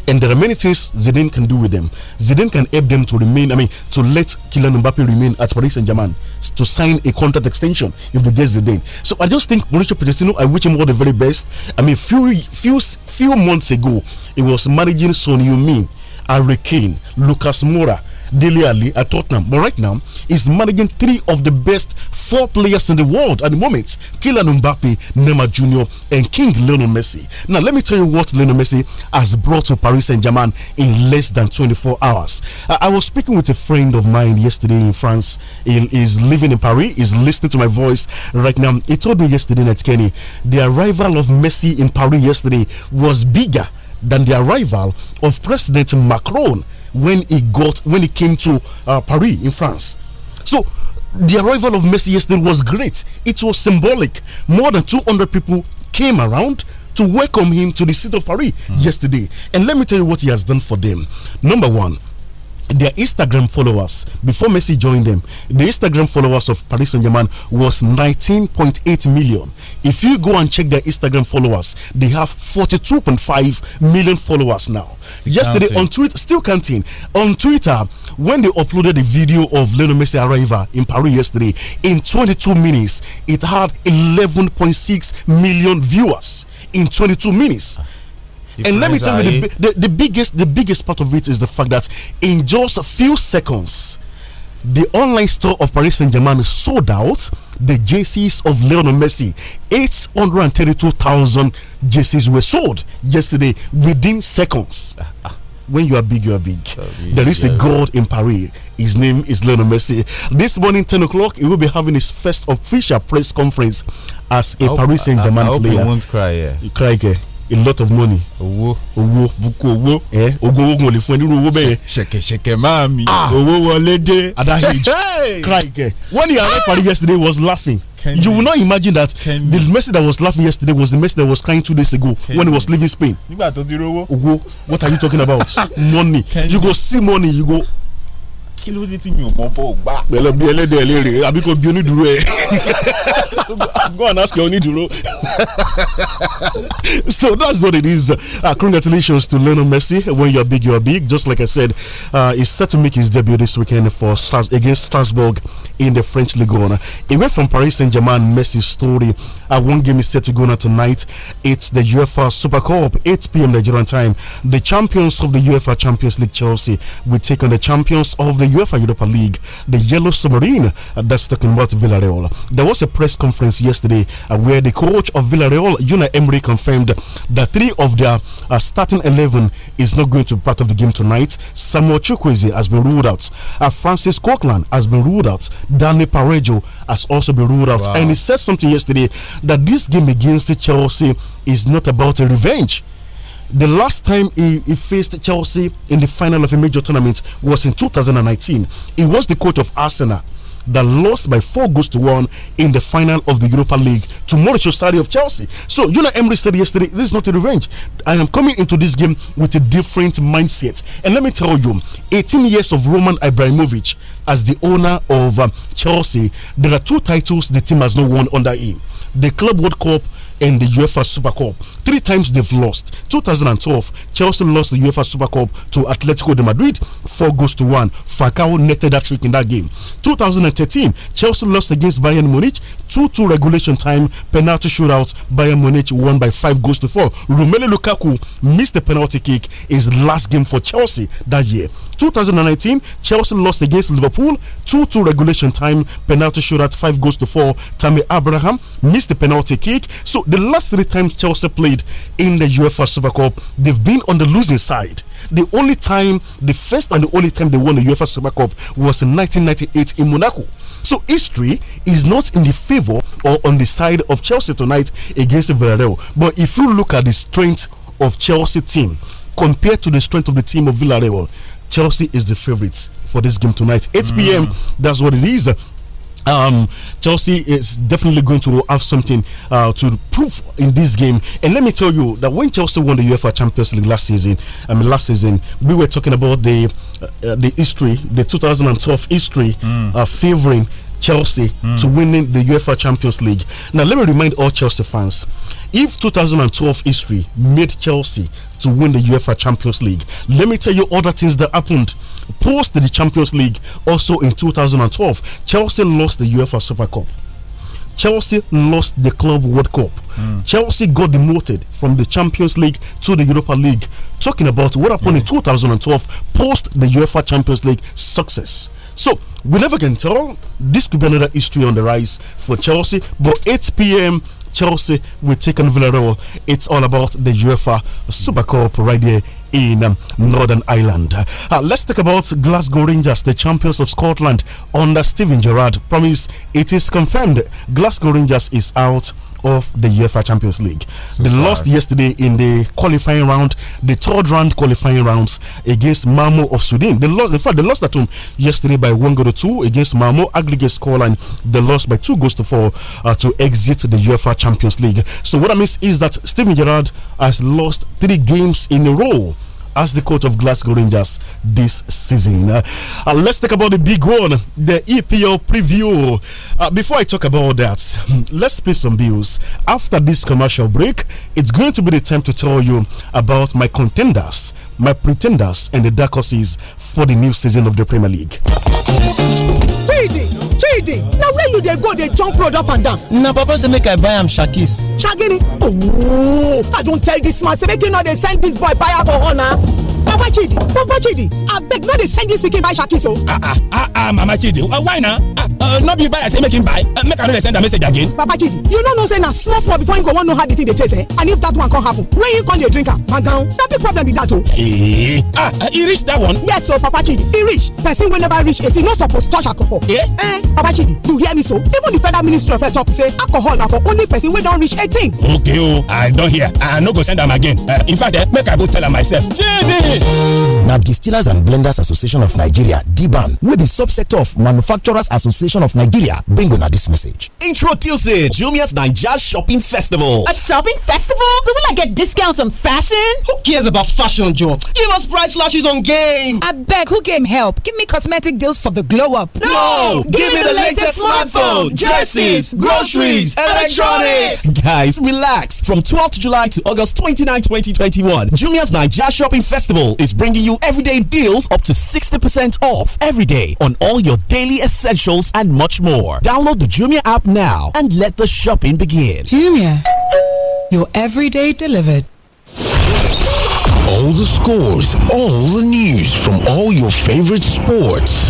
and there are many things Zidane can do with them. Zidane can help them to remain. I mean, to let Kylian Mbappe remain at Paris Saint Germain to sign a contract extension if they get Zidane. So I just think Mauricio Pochettino, I wish him all the very best. I mean, few few few months ago, he was managing Son Yumin, Harry Kane, Lucas Moura, Dele Ali at Tottenham. But right now, he's managing three of the best four players in the world at the moment Kylian Mbappe, Neymar Jr., and King Lionel Messi. Now, let me tell you what Lionel Messi has brought to Paris Saint Germain in less than 24 hours. I was speaking with a friend of mine yesterday in France. He is living in Paris, he's listening to my voice right now. He told me yesterday night, Kenny, the arrival of Messi in Paris yesterday was bigger than the arrival of President Macron when he got when he came to uh, Paris in France. So the arrival of Messi yesterday was great. It was symbolic. More than 200 people came around to welcome him to the city of Paris mm. yesterday. And let me tell you what he has done for them. Number one, their Instagram followers before Messi joined them, the Instagram followers of Paris Saint Germain was 19.8 million. If you go and check their Instagram followers, they have 42.5 million followers now. Still Yesterday counting. on Twitter, still counting on Twitter, when they uploaded a video of Lionel Messi arrival in Paris yesterday, in 22 minutes, it had 11.6 million viewers in 22 minutes and let me tell you, the, the, the, biggest the biggest part of it is the fact that in just a few seconds, the online store of Paris Saint Germain sold out the jerseys of Lionel Messi. 832,000 jerseys were sold yesterday within seconds. When you are big, you are big. there is yeah, a God in Paris. His name is Lionel Messi. This morning, 10 o'clock, he will be having his first official press conference as a Paris Saint Germain player. I hope player. you won't cry, yeah. You cry, yeah a lot of money. owó owó buku owó ẹ ogun owó gun ò lè fún ẹ nínú owó bẹ́ẹ̀. ṣẹ̀kẹ̀ṣẹ̀kẹ̀ máa ah! mi. owó wọlé dé. at that age cry kẹ when he arrived Paris ah! yesterday he was laughing. Kenny. You will not imagine that Kenny. the Messi that was laughing yesterday was the Messi that was crying two days ago Kenny. when he was leaving Spain. Nígbà tó di rówó. Owó, what are you talking about? money. Kenny. You go see money, you go kí ló dé tí mi ò mọ bọ́ gbà. pẹ̀lú bí ẹlẹ́dẹ̀ àbí kò bí onídùúró ẹ̀ go and ask your onídùúró. so that's what it is. Uh, congratulations to Lionel Messi. When you're big, you're big. Just like I said, uh, he's set to make his debut this weekend for Stras against Strasbourg in the French Ligue 1. Away from Paris Saint-Germain, Messi's story. Uh, one game is set to go now tonight. It's the UEFA Super Cup, 8 p.m. Nigerian time. The champions of the UEFA Champions League, Chelsea, will take on the champions of the UEFA Europa League, the Yellow Submarine, uh, that's talking about Villarreal. There was a press conference yesterday uh, where the coach of Villarreal, Una Emery, confirmed that three of their uh, starting 11 is not going to be part of the game tonight. Samuel Chukwueze has been ruled out. Uh, Francis Coquelin has been ruled out. Danny Parejo has also been ruled out. Wow. And he said something yesterday that this game against Chelsea is not about a revenge. The last time he, he, faced Chelsea in the final of a major tournament was in 2019. He was the coach of Arsenal that lost by four goals to one in the final of the Europa League to Mauricio Sarri of Chelsea. So, you know, Emery said yesterday, this is not a revenge. I am coming into this game with a different mindset. And let me tell you, 18 years of Roman Ibrahimovic as the owner of um, Chelsea, there are two titles the team has not won under him the Club World Cup in the UEFA Super Cup. Three times they've lost. 2012, Chelsea lost the UEFA Super Cup to Atletico de Madrid, four goals to one. Falcao netted that trick in that game. 2013, Chelsea lost against Bayern Munich, 2-2 regulation time, penalty shootout. Bayern Munich won by five goals to four. Romelu Lukaku missed the penalty kick his last game for Chelsea that year. 2019, Chelsea lost against Liverpool, 2-2 regulation time, penalty shootout, five goals to four. Tammy Abraham missed the penalty kick. So the last three times Chelsea played in the UEFA Super Cup, they've been on the losing side. The only time, the first and the only time they won the UEFA Super Cup was in 1998 in Monaco. So history is not in the favor or on the side of Chelsea tonight against Villarreal. But if you look at the strength of Chelsea team compared to the strength of the team of Villarreal, Chelsea is the favorite for this game tonight. 8 mm. p.m. That's what it is. Um, Chelsea is definitely going to have something uh, to prove in this game. And let me tell you that when Chelsea won the UEFA Champions League last season, I mean last season, we were talking about the uh, the history, the 2012 history, mm. uh, favoring Chelsea mm. to winning the UEFA Champions League. Now let me remind all Chelsea fans: if 2012 history made Chelsea to win the UEFA Champions League, let me tell you other things that happened post the Champions League also in 2012. Chelsea lost the UEFA Super Cup. Chelsea lost the Club World Cup. Mm. Chelsea got demoted from the Champions League to the Europa League. Talking about what happened yeah. in hmm. 2012 post the UEFA Champions League success. So we never can tell. This could be another history on the rise for Chelsea. But 8 p.m. Chelsea will take on Villarreal. It's all about the UEFA Super Cup right here in um, Northern Ireland. Uh, let's talk about Glasgow Rangers, the champions of Scotland under Steven Gerrard. Promise it is confirmed Glasgow Rangers is out of the UEFA Champions League. So they sad. lost yesterday in the qualifying round, the third round qualifying rounds against Malmo of Sudan. They lost, in fact, they lost at home yesterday by one goal to two against Malmo. Aggregate scoreline, they lost by two goals to four uh, to exit the UEFA Champions League. So what I mean is that Steven Gerrard has lost three games in a row as the coach of Glasgow Rangers this season. Uh, uh, let's talk about the big one, the EPL preview. Uh, before I talk about that, let's pay some bills. After this commercial break, it's going to be the time to tell you about my contenders, my pretenders, and the dark horses for the new season of the Premier League. Chidi, Chidi, now you dey go dey jump road up and down. na papa say make i buy am shakis. shagini ooo oh, i don tell dis man say make he no dey send dis boy buy alcohol na. papa chidi papa chidi abeg no dey send dis pikin buy shakis o. Oh. ah ah ah ah mama chidi uh, why na uh, uh, no be buy i say make him buy uh, make i no dey send am message again. papa chidi you no know say na small small before you go wan know how the thing dey taste eh? and if that one come happen when you come dey drink am gangan na big problem be that o. Oh. ee eh, ah e reach that one. yes o oh, papa chidi e reach person wey never reach eighteen no suppose touch alcohol. Yeah, Eh, papa chidi you hear me so even the federal ministry of health tok say alcohol na for only person wey don reach 18 ok oh, I don hear i no go send am again uh, in fact eh, make i go tell am myself Now, na distillers and blenders association of nigeria dban wey be subsector of manufacturers association of nigeria bring una dis message intro tuesday jumia's naija shopping festival a shopping festival will i get discounts on fashion who cares about fashion joe give us price slashes on game I beg. who game help give me cosmetic deals for the glow up no give me the latest smartphone phone, dresses, groceries, electronics. Guys, relax. From 12th July to August 29, 2021, Jumia's Nigeria Shopping Festival is bringing you everyday deals up to 60% off every day on all your daily essentials and much more. Download the Jumia app now and let the shopping begin. Jumia, your everyday delivered. All the scores, all the news from all your favorite sports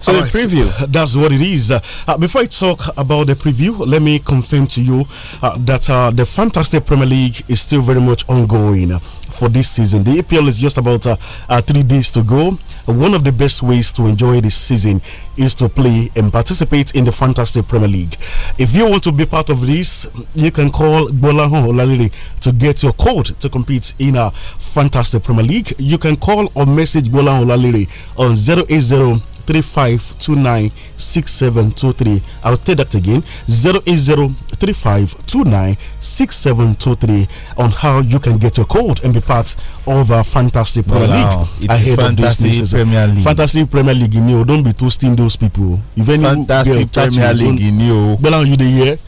So All the preview, that's what it is. Uh, before I talk about the preview, let me confirm to you uh, that uh, the fantastic Premier League is still very much ongoing for this season. The APL is just about uh, uh, three days to go. One of the best ways to enjoy this season is to play and participate in the Fantastic Premier League. If you want to be part of this, you can call Bolahon Olaliri to get your code to compete in a Fantastic Premier League. You can call or message Bolahon Olaliri on 080 three five two nine six seven two three. I'll take that again zero eight zero three five two nine six seven two three on how you can get your code and be part of our fantastic Premier wow. League. It ahead fantastic of this season. Premier League. Fantastic Premier League in you. Oh, don't be toasting those people. If any eh, fantastic Premier League in you. Belong you the year.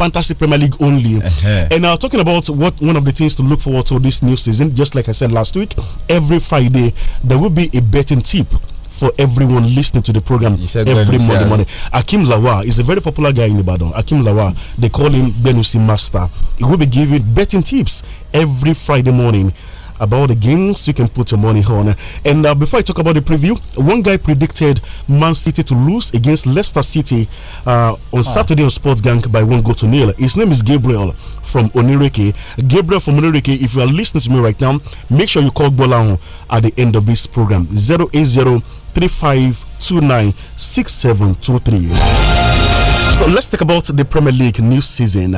Fantasy Premier League only. Uh -huh. And now, uh, talking about what one of the things to look forward to this new season, just like I said last week, every Friday there will be a betting tip for everyone listening to the program every Monday morning. Akim Lawa is a very popular guy in Ibadan. Akim Lawa, they call him Benusi Master. He will be giving betting tips every Friday morning about the games you can put your money on. And uh, before I talk about the preview, one guy predicted Man City to lose against Leicester City uh, on oh. Saturday on Sports Gang by one goal to nil. His name is Gabriel from Onirike. Gabriel from Onirike, if you are listening to me right now, make sure you call Bola at the end of this program 080 So let's talk about the Premier League new season.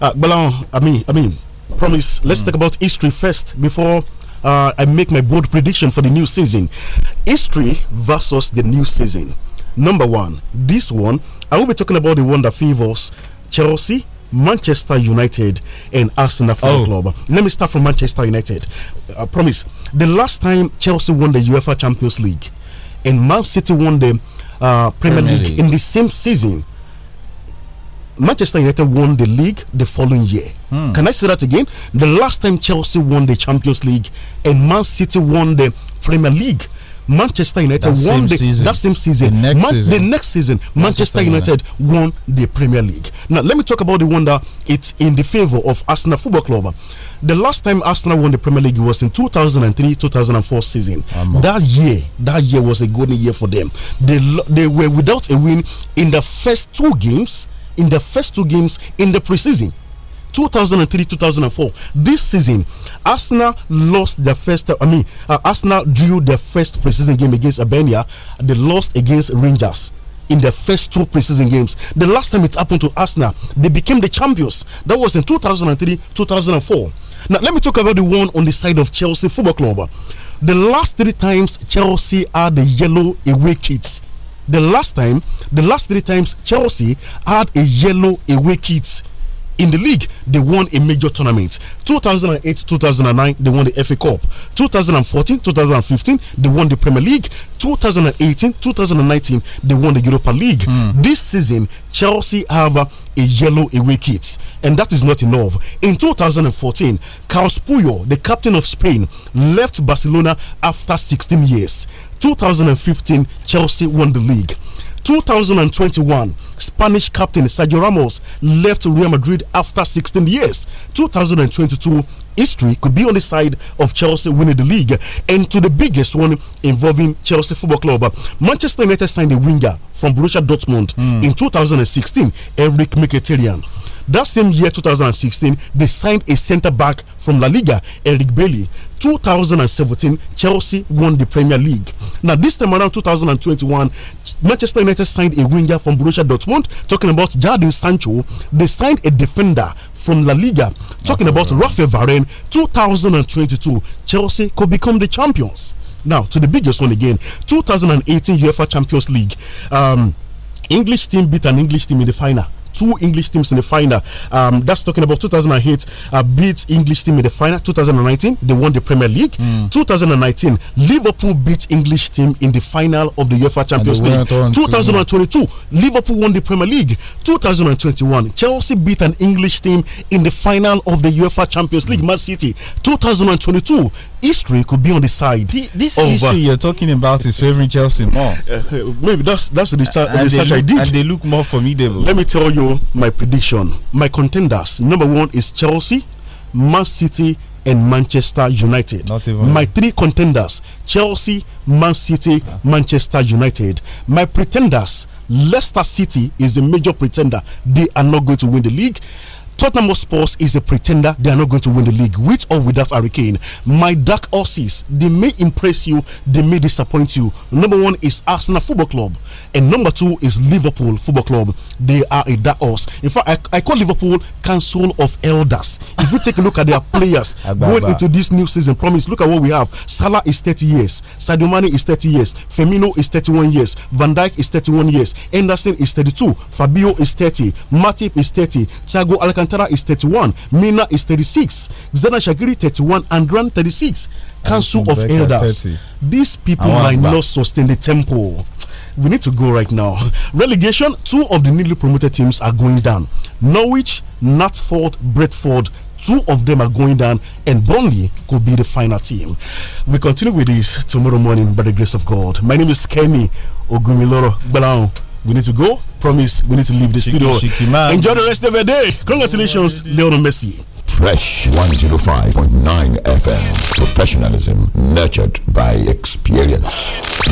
Uh, Bola, I mean, I mean promise, let's talk about history first before uh, I make my bold prediction for the new season. History versus the new season. Number one, this one, I will be talking about the one that favors Chelsea. Manchester United and Arsenal Football oh. Club. Let me start from Manchester United. I uh, promise. The last time Chelsea won the UEFA Champions League and Man City won the uh, Premier, Premier League, League in the same season, Manchester United won the league the following year. Hmm. Can I say that again? The last time Chelsea won the Champions League and Man City won the Premier League. Manchester United that won the, season. that same season. The next Man, season, the next season Manchester, Manchester United, won the Premier League. Now, let me talk about the one that it's in the favor of Arsenal Football Club. The last time Arsenal won the Premier League was in 2003-2004 season. that year, that year was a good year for them. They they were without a win in the first two games in the first two games in the preseason. 2003 2004 this season arsenal lost their first i mean uh, arsenal drew their first preseason game against albania they lost against rangers in the first two preseason games the last time it happened to arsenal they became the champions that was in 2003 2004 now let me talk about the one on the side of chelsea football club the last three times chelsea had the yellow away kits the last time, the last three times Chelsea had a yellow away kit in the league, they won a major tournament. 2008, 2009, they won the FA Cup. 2014, 2015, they won the Premier League. 2018, 2019, they won the Europa League. Mm. This season, Chelsea have a, yellow away kit, and that is not enough. In 2014, Carlos Puyo, the captain of Spain, left Barcelona after 16 years. 2015, Chelsea won the league. 2021, Spanish captain Sergio Ramos left Real Madrid after 16 years. 2022, history could be on the side of Chelsea winning the league. And to the biggest one involving Chelsea Football Club, Manchester United signed a winger from Borussia Dortmund mm. in 2016, Eric Mkhitaryan. That same year, 2016, they signed a centre back from La Liga, Eric Bailey. 2017, Chelsea won the Premier League. Now, this time around 2021, Manchester United signed a winger from Borussia Dortmund. Talking about Jadon Sancho, they signed a defender from La Liga. Talking about Rafael Varane, 2022, Chelsea could become the champions. Now, to the biggest one again 2018 UEFA Champions League. Um, English team beat an English team in the final two English teams in the final. Um, that's talking about 2008 uh, beat English team in the final. 2019 they won the Premier League. Mm. 2019 Liverpool beat English team in the final of the UEFA Champions League. 2022 Liverpool won the Premier League. 2021 Chelsea beat an English team in the final of the UEFA Champions League. Mm. Man City. 2022 history could be on the side. The, this of, history uh, you're talking about is favoring Chelsea more. Uh, uh, maybe that's that's the research, research look, I did. And they look more formidable. Let me tell you my prediction. My contenders number one is Chelsea, Man City, and Manchester United. my three contenders: Chelsea, Man City, yeah. Manchester United. My pretenders: Leicester City is a major pretender. They are not going to win the league. Tottenham Sports is a pretender. They are not going to win the league with or without Harry Kane. My dark horses, they may impress you, they may disappoint you. Number one is Arsenal Football Club, and number two is Liverpool Football Club. They are a dark horse. In fact, I, I call Liverpool Council of Elders. If you take a look at their players going into this new season, promise, look at what we have. Salah is 30 years, Sadio Mane is 30 years, Firmino is 31 years, Van Dijk is 31 years, Anderson is 32, Fabio is 30, Matip is 30, Thiago Alcantara Alcantara is 31, Mina is 36, Zena Shagiri 31, Andran 36. Council of Elders. 30. These people might not sustain the temple. We need to go right now. Relegation, two of the newly promoted teams are going down. Norwich, Natford, Bradford, two of them are going down, and Burnley could be the final team. We continue with this tomorrow morning by the grace of God. My name is Kenny Ogumiloro Balaon we need to go. Promise, we need to leave the studio. Enjoy the rest of your day. Congratulations, Lionel Messi. Fresh 105.9 FM. Professionalism nurtured by experience.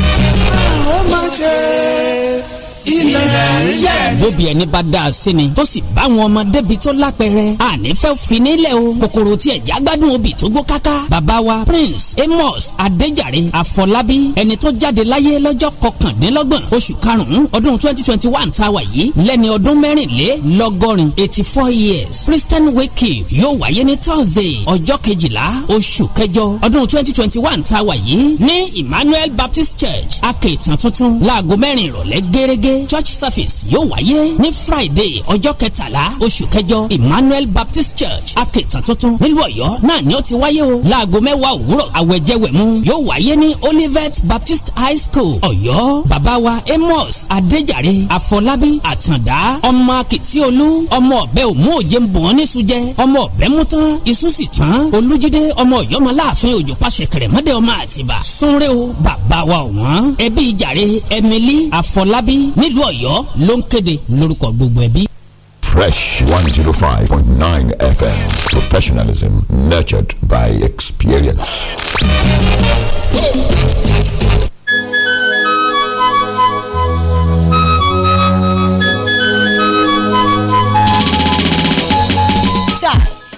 ilẹ̀ yẹ. bóbi ẹni bá dá a sí ni tó sì bá wọn ọmọ débi tó lápẹrẹ àní fẹ́ finílẹ̀ o kòkòrò tí ẹ̀já gbádùn obì tó gbó káká bàbá wa Prince Amos Adéjàre Àfọlábí ẹni tó jáde láyé lọ́jọ́ kọkàndínlọ́gbọ̀n oṣù karùn-ún ọdún twenty twenty one táwa yìí lẹ́ni ọdún mẹ́rìnlélọ́gọ́rin eighty four years Christian wake yóò wáyé ní Thursday ọjọ́ kejìlá oṣù kẹjọ ọdún twenty twenty one táwa yìí ní Emmanuel Baptist Church akéètàn tuntun láago mẹ́rin ìrọ̀lẹ́ gẹ́rẹ́gẹ́ church service yóò wáyé ní friday ọjọ́ kẹtàlá oṣù kẹjọ emmanuel baptist church akéetàn tuntun nílùú ọ̀yọ́ náà ni ó ti wáyé o láago mẹ́wàá òwúrọ̀ àwẹ̀jẹwẹ̀mu yóò wáyé ní olivet baptist high school ọ̀yọ́ bàbá wa amos adéjàre àfọlábí àtàndá ọmọ akitì olú ọmọ ọ̀bẹ òmú òjé ń bọ̀ ọ́ ní sujẹ ọmọ ọ̀bẹ mú tán iṣu sì tán olújídé ọmọ ọ̀yọ́mọ láàfin òjò pàṣẹ kẹrẹ̀mọ́dé ọmọ àtìbà súnrẹ́ o bàbá wa ọ̀wọ́n ẹbí ìjàre emily àfọlábí ní nílùú Ọ̀yọ́ ló ń kéde lórúkọ gbogbo ẹbí. Fresh 105.9 FM. Professionalism nurtured by experience.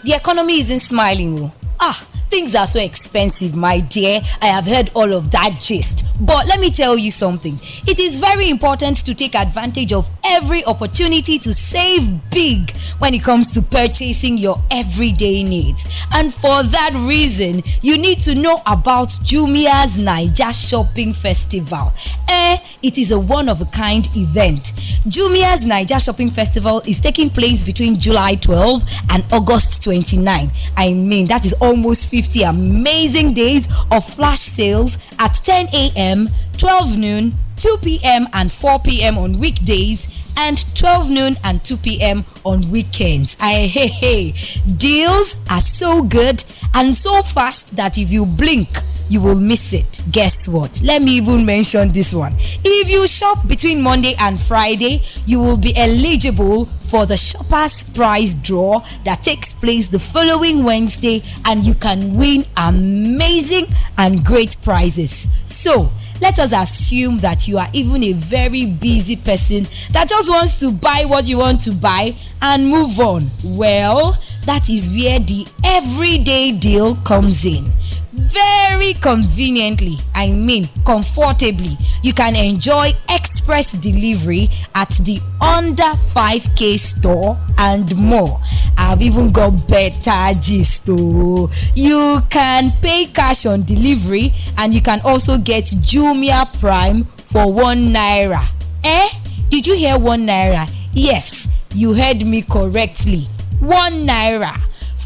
the economy isn't smiling. Ah Things are so expensive, my dear. I have heard all of that gist. But let me tell you something. It is very important to take advantage of every opportunity to save big when it comes to purchasing your everyday needs. And for that reason, you need to know about Jumia's Nigeria Shopping Festival. Eh, it is a one of a kind event. Jumia's Nigeria Shopping Festival is taking place between July 12 and August 29. I mean, that is almost 50 50 amazing days of flash sales at 10 a.m., 12 noon, 2 p.m., and 4 p.m. on weekdays and 12 noon and 2 p.m. on weekends. I, hey, hey, deals are so good and so fast that if you blink, you will miss it. Guess what? Let me even mention this one. If you shop between Monday and Friday, you will be eligible for the shopper's prize draw that takes place the following Wednesday, and you can win amazing and great prizes. So, let us assume that you are even a very busy person that just wants to buy what you want to buy and move on. Well, that is where the everyday deal comes in very conveniently, I mean comfortably, you can enjoy express delivery at the under 5k store and more. I've even got better gist oh. You can pay cash on delivery and you can also get Jumia Prime for 1 naira. Eh? Did you hear 1 naira? Yes, you heard me correctly. 1 naira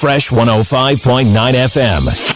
Fresh 105.9 FM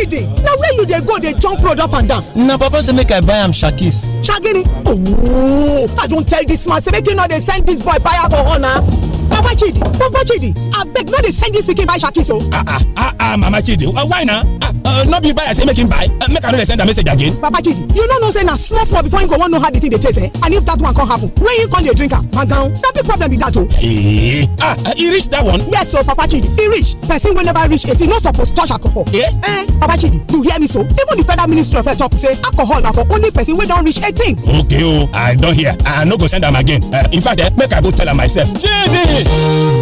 holiday na where you dey go dey jump road up and down. na papa say make i buy am shakis. shagini Oh! i don tell dis man say make you no dey send dis boy buy alcohol na. Papa Chidi, Papa Chidi, I beg no dey send this pikin buy shakiso. Ah ah ah ah Mama Chidi, uh, why now? Uh, ah, uh, no be buy I say e make him buy, uh, make another send a message again. Papa Chidi, you know no say na small small before you go wan know how the thing they taste eh? And if that one come happen, when you come your drinker, am, gangan, Not big problem be that o. Oh. Eh, ah, uh, e reach that one? Yes o, oh, Papa Chidi, e reach. Person wey never reach eighteen no suppose touch alcohol. Eh? Eh, Papa Chidi, you hear me so? Even the Federal minister of Health talk say alcohol now for only person wey don't reach eighteen. Okay oh, I don't hear. I no go send them again. Uh, in fact, eh, make I go tell them myself. Chidi!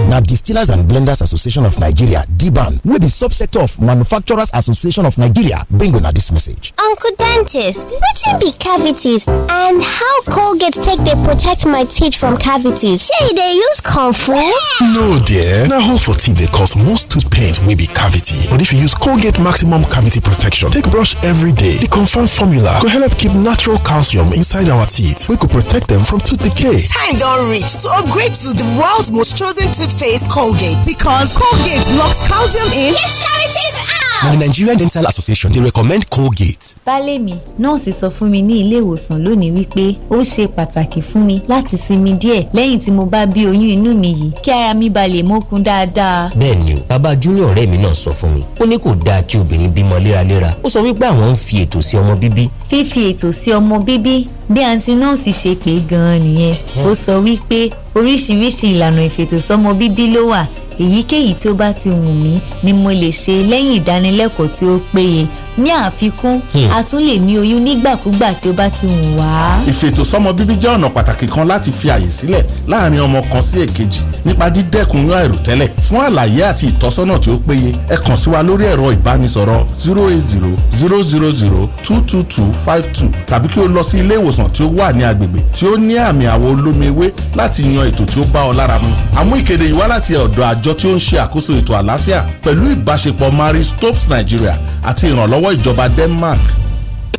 na distillers and blenders association of nigeria dban wey be subsector of manufacturers association of nigeria bring una dis message uncle dentist wetin be cavities and how colgate take dey protect my teeth from cavities shey they dey use comfort? no dear na hole for teeth dey cause most tooth pain wey be cavity but if you use colgate maximum cavity protection take brush every day the confirmed formula go help keep natural calcium inside our teeth wey go protect them from tooth decay time don reach to upgrade to the world's most chosen toothpaste Colgate because Colgate locks calcium in. Yes, out! na the Nigerian Dental Association dey recommend Colgate. baálé mi nọ́ọ̀sì sọ fún mi ní ilé ìwòsàn lónìí wípé ó ṣe pàtàkì fún mi láti sinmi díẹ̀ lẹ́yìn tí mo bá bí oyún inú mi yìí kí ara mi ba lè mókun dáadáa. bẹ́ẹ̀ni o bàbá junior ọ̀rẹ́ mi náà sọ fún mi ó ní kò dáa kí obìnrin bímọ léraléra ó sọ wípé àwọn ń fi ètò sí ọmọ bíbí. fífi ètò sí ọmọ bíbí bí àǹtí nọ́ọ̀sì ṣe pé gan-an nìyẹn ó sọ wípé oríṣiríṣi ìlànà ìfètòsọ́mọ ló wà èyíkéyìí tí ó bá ti wù mí ni mo lè ṣe lẹ́yìn ìdánilẹ́kọ̀ọ́ tí ó péye ní àfikún hmm. a tún lè ní oyún nígbàkúgbà tí ó bá ti wù wá. ìfètò sọmọ bíbí jẹ́ ọ̀nà pàtàkì kan láti fi àyè sílẹ̀ láàrin ọmọ kan sí èkejì nípa dídẹ́kun yún àìròtẹ́lẹ̀ fún àlàyé àti ìtọ́sọ́nà tí ó péye ẹ kàn sí wa lórí ẹ̀rọ ìbánisọ̀rọ̀ zero eight zero zero zero zero two two two five two tàbí kí o lọ sí ilé ìwòsàn tí ó wà ní agbègbè tí ó ní àmì àwọ̀ olómi ewé láti yan ètò tí ó bá ọ lára mu. àmú ìkéde yìí wá láti ọ̀dọ̀ àjọ àjọ tí ó ń ṣe àkóso ètò àlàáfíà pẹ̀lú ìbáṣepọ̀ Stopes Nigeria àti ìrànlọ́wọ́ ìjọba Denmark.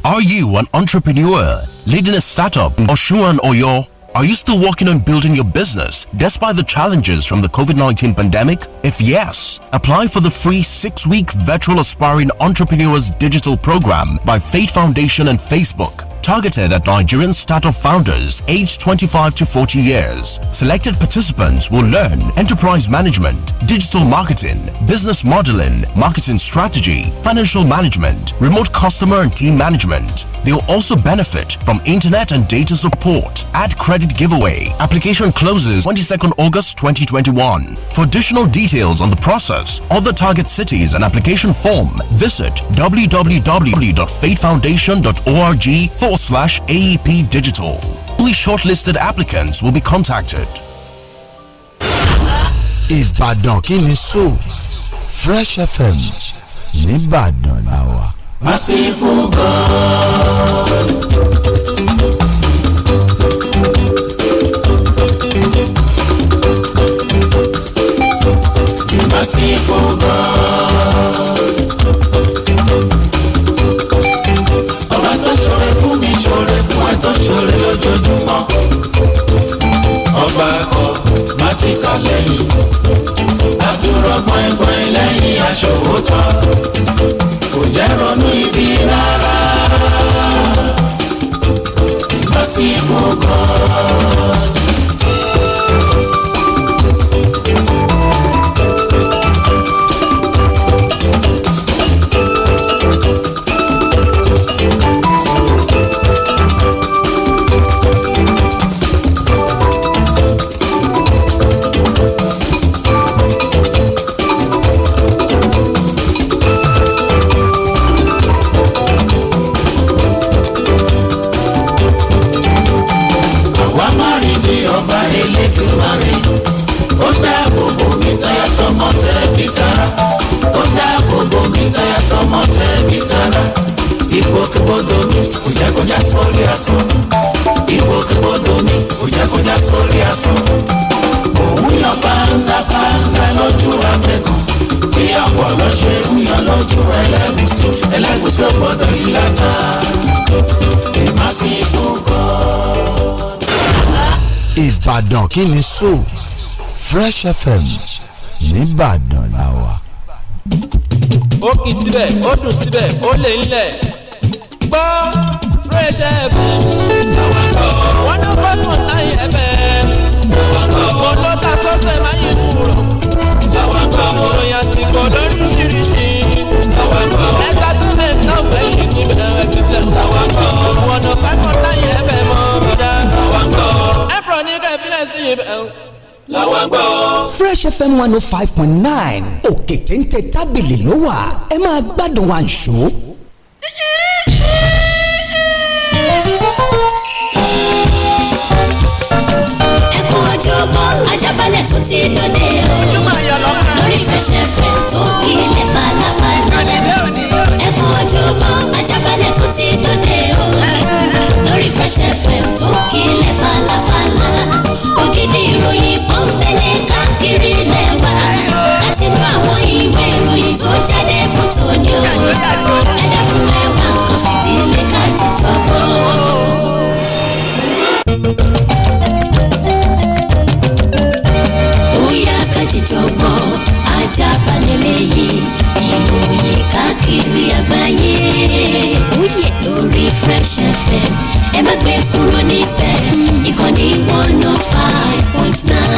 Are you an entrepreneur leading a startup or Shuan Oyo? Are you still working on building your business despite the challenges from the COVID 19 pandemic? If yes, apply for the free six week virtual aspiring entrepreneurs digital program by Faith Foundation and Facebook targeted at Nigerian startup founders aged 25 to 40 years. Selected participants will learn enterprise management, digital marketing, business modeling, marketing strategy, financial management, remote customer and team management. They'll also benefit from internet and data support. Ad credit giveaway. Application closes 22nd August 2021. For additional details on the process, other target cities and application form, visit www.fatefoundation.org forward slash AEP Digital. Only shortlisted applicants will be contacted. Fresh FM nìbàdàn la wa pọ́npọ́n lẹ́yìn aṣòwòtọ́ kò jẹ́ ronú ibi rárá it must be for God. lójú àgbẹ̀gàn ìyá ọ̀pọ̀ lọ́ṣọ́ èèyàn lójú ẹlẹ́gùsì ẹlẹ́gùsì ọ̀pọ̀dọ̀ ìlàta èèmá sí fún God. Ìbàdàn kí ni so Fresh FM nìbàdàn làwà. ó kì í síbẹ̀ ó dùn síbẹ̀ ó lè ń lẹ̀ gbọ́ Fresh FM. one oh five point nine FM. fm one oh five point nine òkè téńté tábìlì ló wà ẹ máa gbádùn àǹṣó. ẹkún ojúbọ ajábalẹ̀ tó ti dòde o lórí tó falafala ẹkún ojúbọ ajábalẹ̀ tó ti dòde o lórí tó falafala ògidì ìròyìn pọ̀. ìròyìn tó jáde fún tòní o ẹ dẹ́kun ẹ wá nǹkan fìdílé ká jíjọ gbọ́. bóyá ká jíjọ gbọ́ ajá balẹ̀ lẹ́yìn ìròyìn káàkiri àgbáyé lórí Fresh FM ẹ má gbé kúrò níbẹ̀ ìkànnì one oh five point nine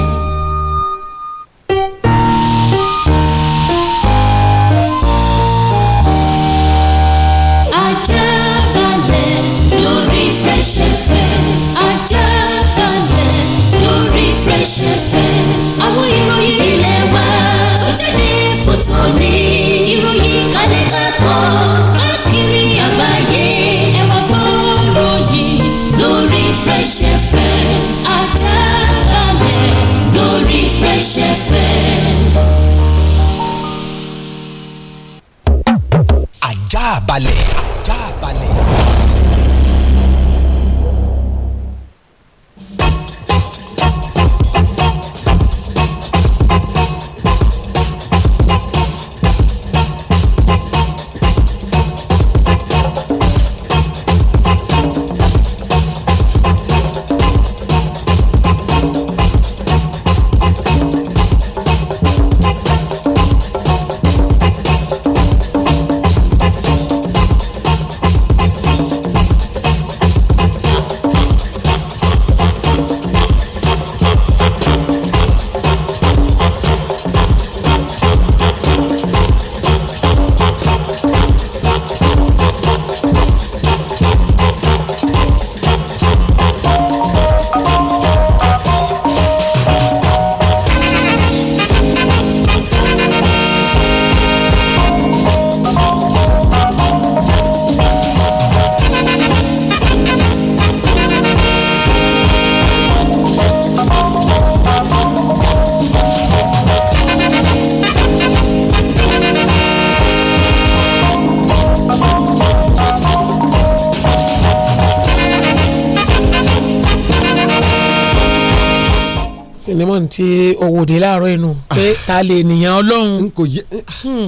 ti òwòde láàárọ̀ inú pé ah. ta lè nìyàn ọlọ́run. n kò yẹ hmm.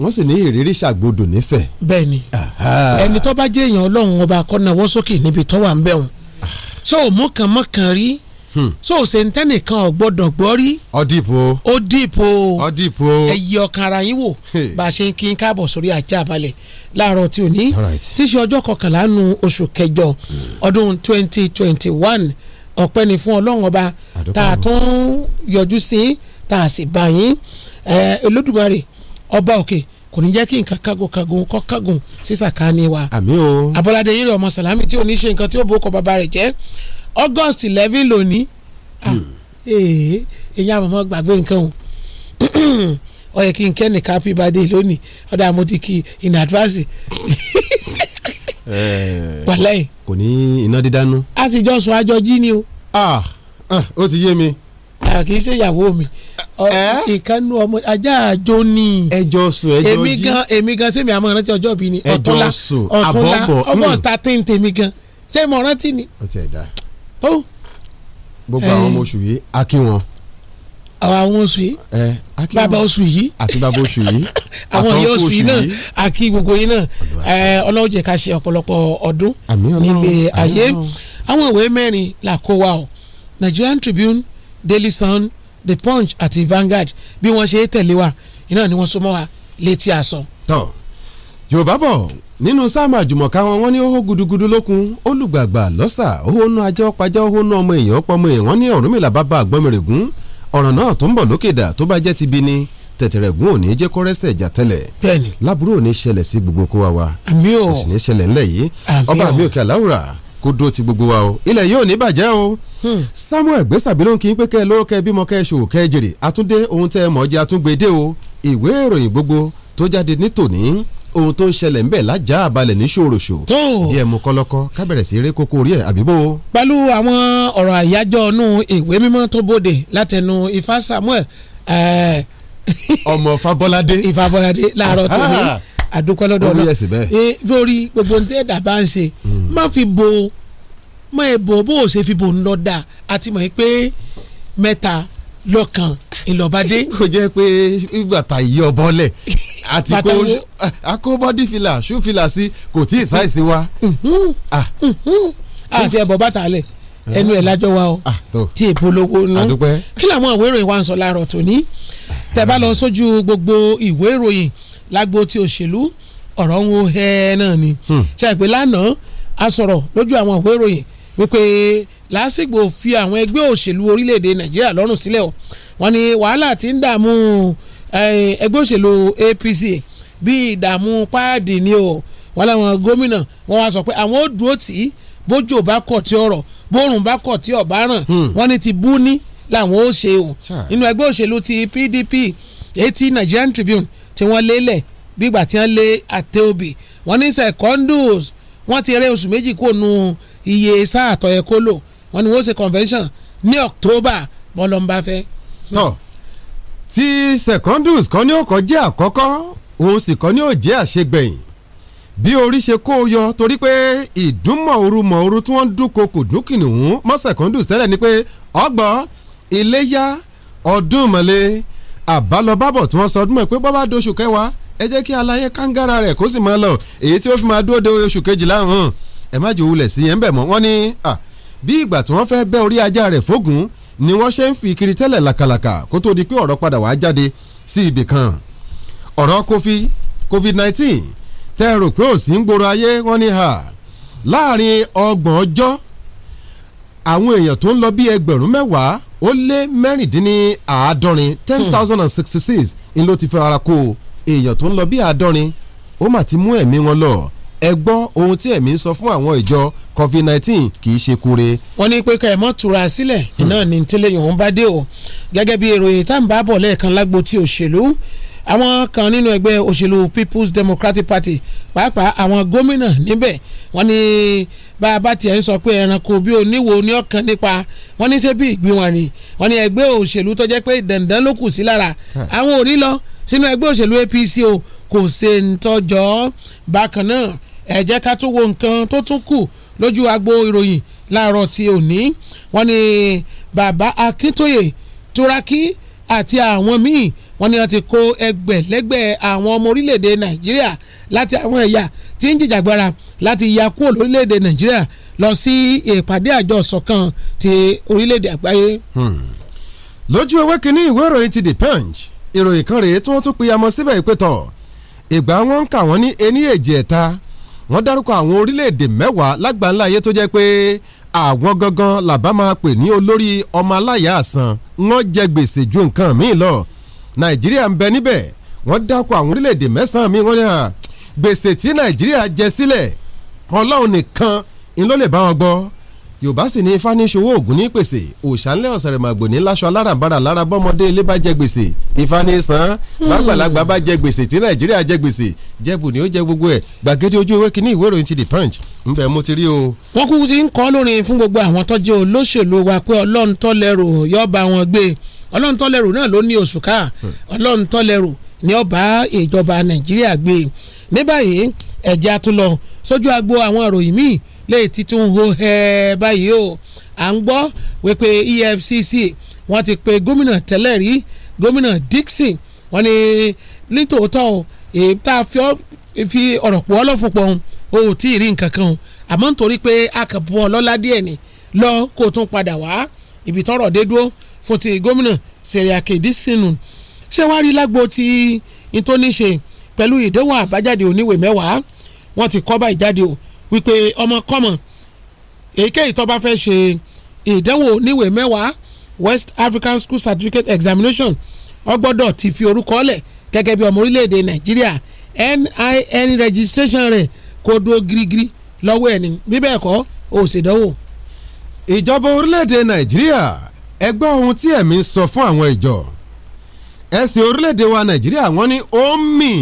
wọ́n sì ní ìrírí ṣàgbọ́dọ̀ nífẹ̀ẹ́. bẹ́ẹ̀ni ẹni tó bá jẹ́ èèyàn ọlọ́run ọba akọ́nàwọ́ sókè níbi tó wà ń bẹ̀ ah. ṣé o mú kan mọ́ kan rí. Hmm. ṣé o ṣe ń tẹ́nìkan ọ̀gbọ́dọ̀ gbọ́ rí. ọdìpọ̀ ọdìpọ̀ ọdìpọ̀ ẹ̀yẹ ọkàn ara yín wò bá a ṣe ń kí n káàbọ̀ sórí ajá balẹ̀ láàárọ̀ tí ò ní. tíṣe ọjọ́ kọkànlá nu oṣù kẹjọ hmm. ọdún twenty twenty one ọpẹ́ ni fún ọlọ́run ọba tá a tún yọjú sí tá a sì bá yín olódùmarè ọba òkè kò ní jẹ́ kí nǹkan kágun kágun kọ́ kágun sísàká ni wa. àmín o. abọ́ládé yìí rẹ̀ ọmọ sàlámì tí ò ní ṣe nǹkan tí ó bó kọ bàbá rẹ̀ jẹ́ august eleven lónìí èyí èyàn àmọ́ gbàgbé nǹkan o ó yẹ kí n kẹ́ nìkan happy birthday lónìí ọ̀dà mo ti kí in advance Eh, wàlẹ́ kò ní iná dídánú. a sì jọ sùn àjọ jí ni o. Ah, eh, ó ti yé mi. kì í ṣe ìyàwó mi eh? ìkànnù ọmọ ajá àjò ni. ẹjọ sùn ẹjọ jí èmi gan èmi gan sẹ́mi àmọ́ rántí ọjọ́ bí ni ọ̀túnla ọ̀túnla ọmọ hmm. starting tèmi gan sẹ́mi ọ̀rántí ni. ó ti ẹ̀ dá gbogbo àwọn ọmọ oṣù yìí a kí wọn àwọn oṣù yìí bàbá oṣù yìí àti bàbá oṣù yìí àwọn ìyá oṣù yìí náà àkí gbogbo yìí náà ọlọ́run jẹ́ ká ṣe ọ̀pọ̀lọpọ̀ ọdún nílé ayé àwọn ìwé mẹ́rin là kó wa o Nigerian Tribune Daily Sun The Punch àti Vanguard bí wọ́n ṣe tẹ̀lé wa iná ni wọ́n so mọ́ wa létí aṣọ. tán yorùbá bọ̀ nínú sáàmù àjùmọ̀ká wọn wọ́n ní ó hó gudugudu lókun olùgbàgbà lọ́sà ó hónú ajá ọ̀pájá ó hónú ọmọ èèyàn ọ̀pọ̀ ọmọ èèyàn ní Ọ̀rúnmìlà bàbá àgbọ̀mìrègún ọ̀ràn náà tó ń bọ̀ lókè dà tó bá jẹ́ ti bi ni tẹ̀tẹ̀rẹ̀ gún òní jẹ́ kó rẹ́sẹ̀ ìjà tẹ́lẹ̀ bẹ́ẹ̀ni láburú òní ṣẹlẹ̀ sí gbogbo kó wa wa àmì ò kò sì ní ṣẹlẹ̀ ńlẹ̀ yìí ọba àmì òkè aláwùrà kó dúró ti gbogbo wa o ilẹ̀ yóò ní bàjẹ́ o hmm. Samuel gbèsàbí ló ń kí pé kẹ́ ẹ lóró kẹ́ ẹ bímọ kẹ́ ẹ ṣòwò kẹ́ ẹ jèrè àtúndé ohun tẹ́ ẹ mọ̀ jẹ́ àtúngbèdé o ìwé ìròyìn gbogbo tó jáde ní tòní ohun tó ń ṣẹlẹ̀ ń bẹ̀ lájà àbalẹ̀ ní ṣòroṣò bí ẹ mú kọ́lọ́kọ́ kábẹ̀rẹ̀ sí eré kókó orí ẹ̀ àbíbó. pẹ̀lú àwọn ọ̀rọ̀ àyájọ́ ọ̀nù ìwé mímọ́ tó bòde látẹnu Ifá Samuel eh, ọmọ Fábọ́ládé Ifábọ́ládé láàárọ̀ ah, tó ní àdúpẹ́ ah. lọ́dọ̀ náà eh, lórí gbogbo ní ẹ̀dá bá ń ṣe hmm. má fi bo má ẹ bo bó o ṣe fi bo ń lọ dáa àti mọ̀ pé mẹ́ta lọ́kàn ìlọ́badé. kò jẹ́ pé bàtà yí ọbọ̀ lẹ̀ àti kó akóbọ́dí fìlà ṣú fìlà sí kò tí ì sáìsì wa. àti ẹ̀bọ̀ bàtà lẹ̀. Eh. ẹnu ẹ̀ lájọ́ wa o ah, tí ìpolówó nù kí làwọn àwọn ìròyìn wa ń sọ láàárọ̀ tòní tẹ́ bá lọ sójú gbogbo ìwé ìròyìn lágbo ti òṣèlú ọ̀rọ̀ ń wo ẹ náà ni hmm. ṣe àpè lánàá a sọ̀rọ̀ lójú àwọn ìwé ìròyìn wípé lásìgbò fi àwọn ẹgbẹ́ òṣèlú orílẹ̀-èdè nàìjíríà lọ́rùn sílẹ̀ o wọ́n ní wàhálà ti ń dààmú ẹgbẹ́ òṣèlú APC bíi ìdààmú páàdì ni o wọ́n láwọn gómìnà wọ́n wá sọ pé àwọn ò dúró tì í bójú ò bá kọ̀ tí ọ̀rọ̀ bórùn bá kọ̀ tí ọ̀bá ràn hmm. wọ́n ní ti bú ní làwọn ó ṣe o nínú ẹgbẹ́ òṣèlú ti PDP etí Nigerian Tribune tí wọ́n lélẹ̀ bígbà tí wọ́n lé Ateobi wọ́n ní secondus wọ́n ti rẹ́ oṣù méjì kó nu iye sáà tọ́yẹ kó lò wọ́n ní wọ́n ṣe convention ní October bọ́lọ́mbà fẹ́. tí secondus kan ní ó kọjá àkọ́kọ́ òun sì kan ní ó jẹ́ àṣegbẹ̀yìn bí orí ṣe kó o yọ torí pé ìdúnmọ̀ọ́rù mọ̀ọ́rù tí wọ́n ń dúnkokò dúnkìnìún mọ́sẹ̀kọ́ndù sẹ́lẹ̀ ni pé ọgbọ́n iléyá ọdún mọ̀lẹ́ àbálọ́bábọ̀ tí wọ́n sọ ọdún mọ̀ pé bọ́bá doṣù kẹwàá ẹ jẹ́ kí aláyé kángára rẹ̀ kó sì máa lọ èyí tí ó fi máa dúró de oṣù kejìlá hàn ẹ má jò wulẹ̀ sí yẹn bẹ̀ mọ́ wọ́n ní bí ìgbà tí wọ́n fẹ́ bẹ́ orí ajá rẹ̀ fógun ni wọ́n ṣe ń fi kiri tẹ́lẹ̀ làkàlàkà kó tó di pé ọ̀rọ̀ padà wàá jáde sí ibì ọ̀rọ̀ covid covid nineteen tẹ́ ẹ rò pé ò sí ń gbòòrò ayé wọ́n ní ha láàrin ọgbọ̀n ọjọ́ àwọn èèyàn tó ń lọ bí ẹgbẹ̀rún mẹ́wàá ó lé mẹ́rìndínláàádọ́rin ten hmm. thousand and sixty six ni ló ti fẹ́ ara kó èèyàn tó ń lọ bí àádọ́rin ó mà ti mú ẹ̀mí wọn lọ ẹ gbọ́ ohun tí ẹ̀mí ń sọ fún àwọn ìjọ covid nineteen kì í ṣe kure. wọ́n ní pé ká ẹ̀ mọ́ tura sílẹ̀ iná ní tílé yòówó bá dé o gẹ́gẹ́ bí èròyìn tá bá bọ̀ lẹ́ẹ̀kan lágbo tí òṣèlú àwọn kan nínú ẹgbẹ́ òṣèlú People's Democratic Party pàápàá àwọn gómìnà níbẹ̀ wọ́n ní bá a bá tiẹ̀ ń sọ pé ẹranko bí oníwo ní ọ̀kan nípa wọ́n ní ṣé bí ìgbín ni wọ́n ní ẹgbẹ́ òṣèlú tó jẹ́ pé dandan ló kù sí lára àwọn ò rí lọ sínú ẹgbẹ́ òṣèlú APC o kò ṣe ń tọjọ́ bákan náà ẹ jẹ́ ká tó wo nǹkan tó tún kù lójú agbo ìròyìn láàárọ̀ tí ò ní wọ́n ní bàbá Akíntóyè Turaki àti àwọn míì wọ́n ní wọ́n ti kó ẹgbẹ̀lẹ́gbẹ̀ àwọn ọmọ orílẹ̀-èdè nàìjíríà láti àwọn ẹ̀yà tí ń jìjàgbara láti ya kúrò lórílẹ̀-èdè nàìjíríà lọ sí ìpàdé àjọ ìṣọ̀kan ti orílẹ̀-èdè àgbáyé. Hmm. lójú ewé kínní ìwé ìròyìn ti the punch ìròyìn kan rèé tí wọ́n tún pìyàmọ́ síbẹ̀ ìpẹ́tọ̀ ìgbà wọn ń kà wọ́n ní ení èjì ẹ̀ta wọ́n dárúkọ àwọn orílẹ̀-èdè mẹ́wàá lágbàńlá ayé tó jẹ́ pé àwọn gangan làbá máa pè ní olórí ọmọ aláyà àsàn wọ́n jẹ gbèsè ju nǹkan míì lọ nàìjíríà ń bẹ níbẹ̀ wọ́n dákọ̀ àwọn orílẹ̀-èdè mẹ́sàn-án mi wọ́n ní à gbèsè tí nàìjíríà jẹ sílẹ̀ ọlọ́run nìkan ń ló lè bá wọn gbọ́ yorùbá sì ní ifá ní ṣòwò ògùn ní pèsè òṣàlẹ̀ ọ̀sẹ̀rẹ̀ màgbò ní láṣọ alárànbarà lára bọ́mọdé ilé bá jẹ gbèsè ifá ní hmm. lágbàlagbà bá jẹ gbèsè tí nàìjíríà jẹ gbèsè jẹ́bù ni ó jẹ gbogbo ẹ̀ gbàgede ojú ewé kínní ìwé ìròyìn ti the punch ńbẹ mo ti rí o. wọ́n kúkú ti ń kọ́ lórin fún gbogbo àwọn tọ́jú olóṣèlú wa pé ọlọ́run tọ́lẹ̀ rò yọ́ọ̀bá wọn gbé ọlọ́run tọ́lẹ̀rù náà ló ní oṣù ká ọlọ́run tọ́lẹ̀rù ní ọba ìjọba nàìjíríà gbé ní báyìí ẹ̀jẹ̀ àtúnlọ sójú agbo àwọn òròyìn míì lè ti tún ho ẹ̀ báyìí o à ń gbọ́ wípé EFCC wọ́n ti pe gómìnà tẹ́lẹ̀ rí gómìnà Dixon wọ́n ní nítòótọ́ èyí tá a fi ọ̀rọ̀ pọ̀ ọlọ́fun pọ̀ o ò tí ì rí nǹkan kan o àmọ́ nítorí pé a kàn bu ọlọ́lá díẹ̀ ni lọ kó o tún padà wá ibi dé dúró fún ti gómìnà Seriake Disinu ṣé wàá rí lágbo ti ìtóníṣe pẹ̀lú ìdéwọ̀n àbájáde oníwèé mẹ́wàá wọ́n ti kọ́ báyìí jáde o wípé ọmọkọ́mọ èyíkéyìí tó bá fẹ́ ṣe ìdánwò oníwèé mẹ́wàá West African School Certificate Examination ọgbọ́dọ̀ ti fi orúkọ lẹ̀ gẹ́gẹ́ bí ọmọ orílẹ̀-èdè Nàìjíríà NIN registration rẹ̀ kò dúró girigiri lọ́wọ́ ẹ̀ ní bíbẹ̀ ẹ̀kọ́ òsèdánwò. ìjọba orílẹ̀-èdè Nàìjíríà ẹ gbọ́ ohun tí ẹ̀mí sọ fún àwọn ìjọ ẹ̀sìn orílẹ̀-èdè wa nàìjíríà wọ́n ní ó ń mì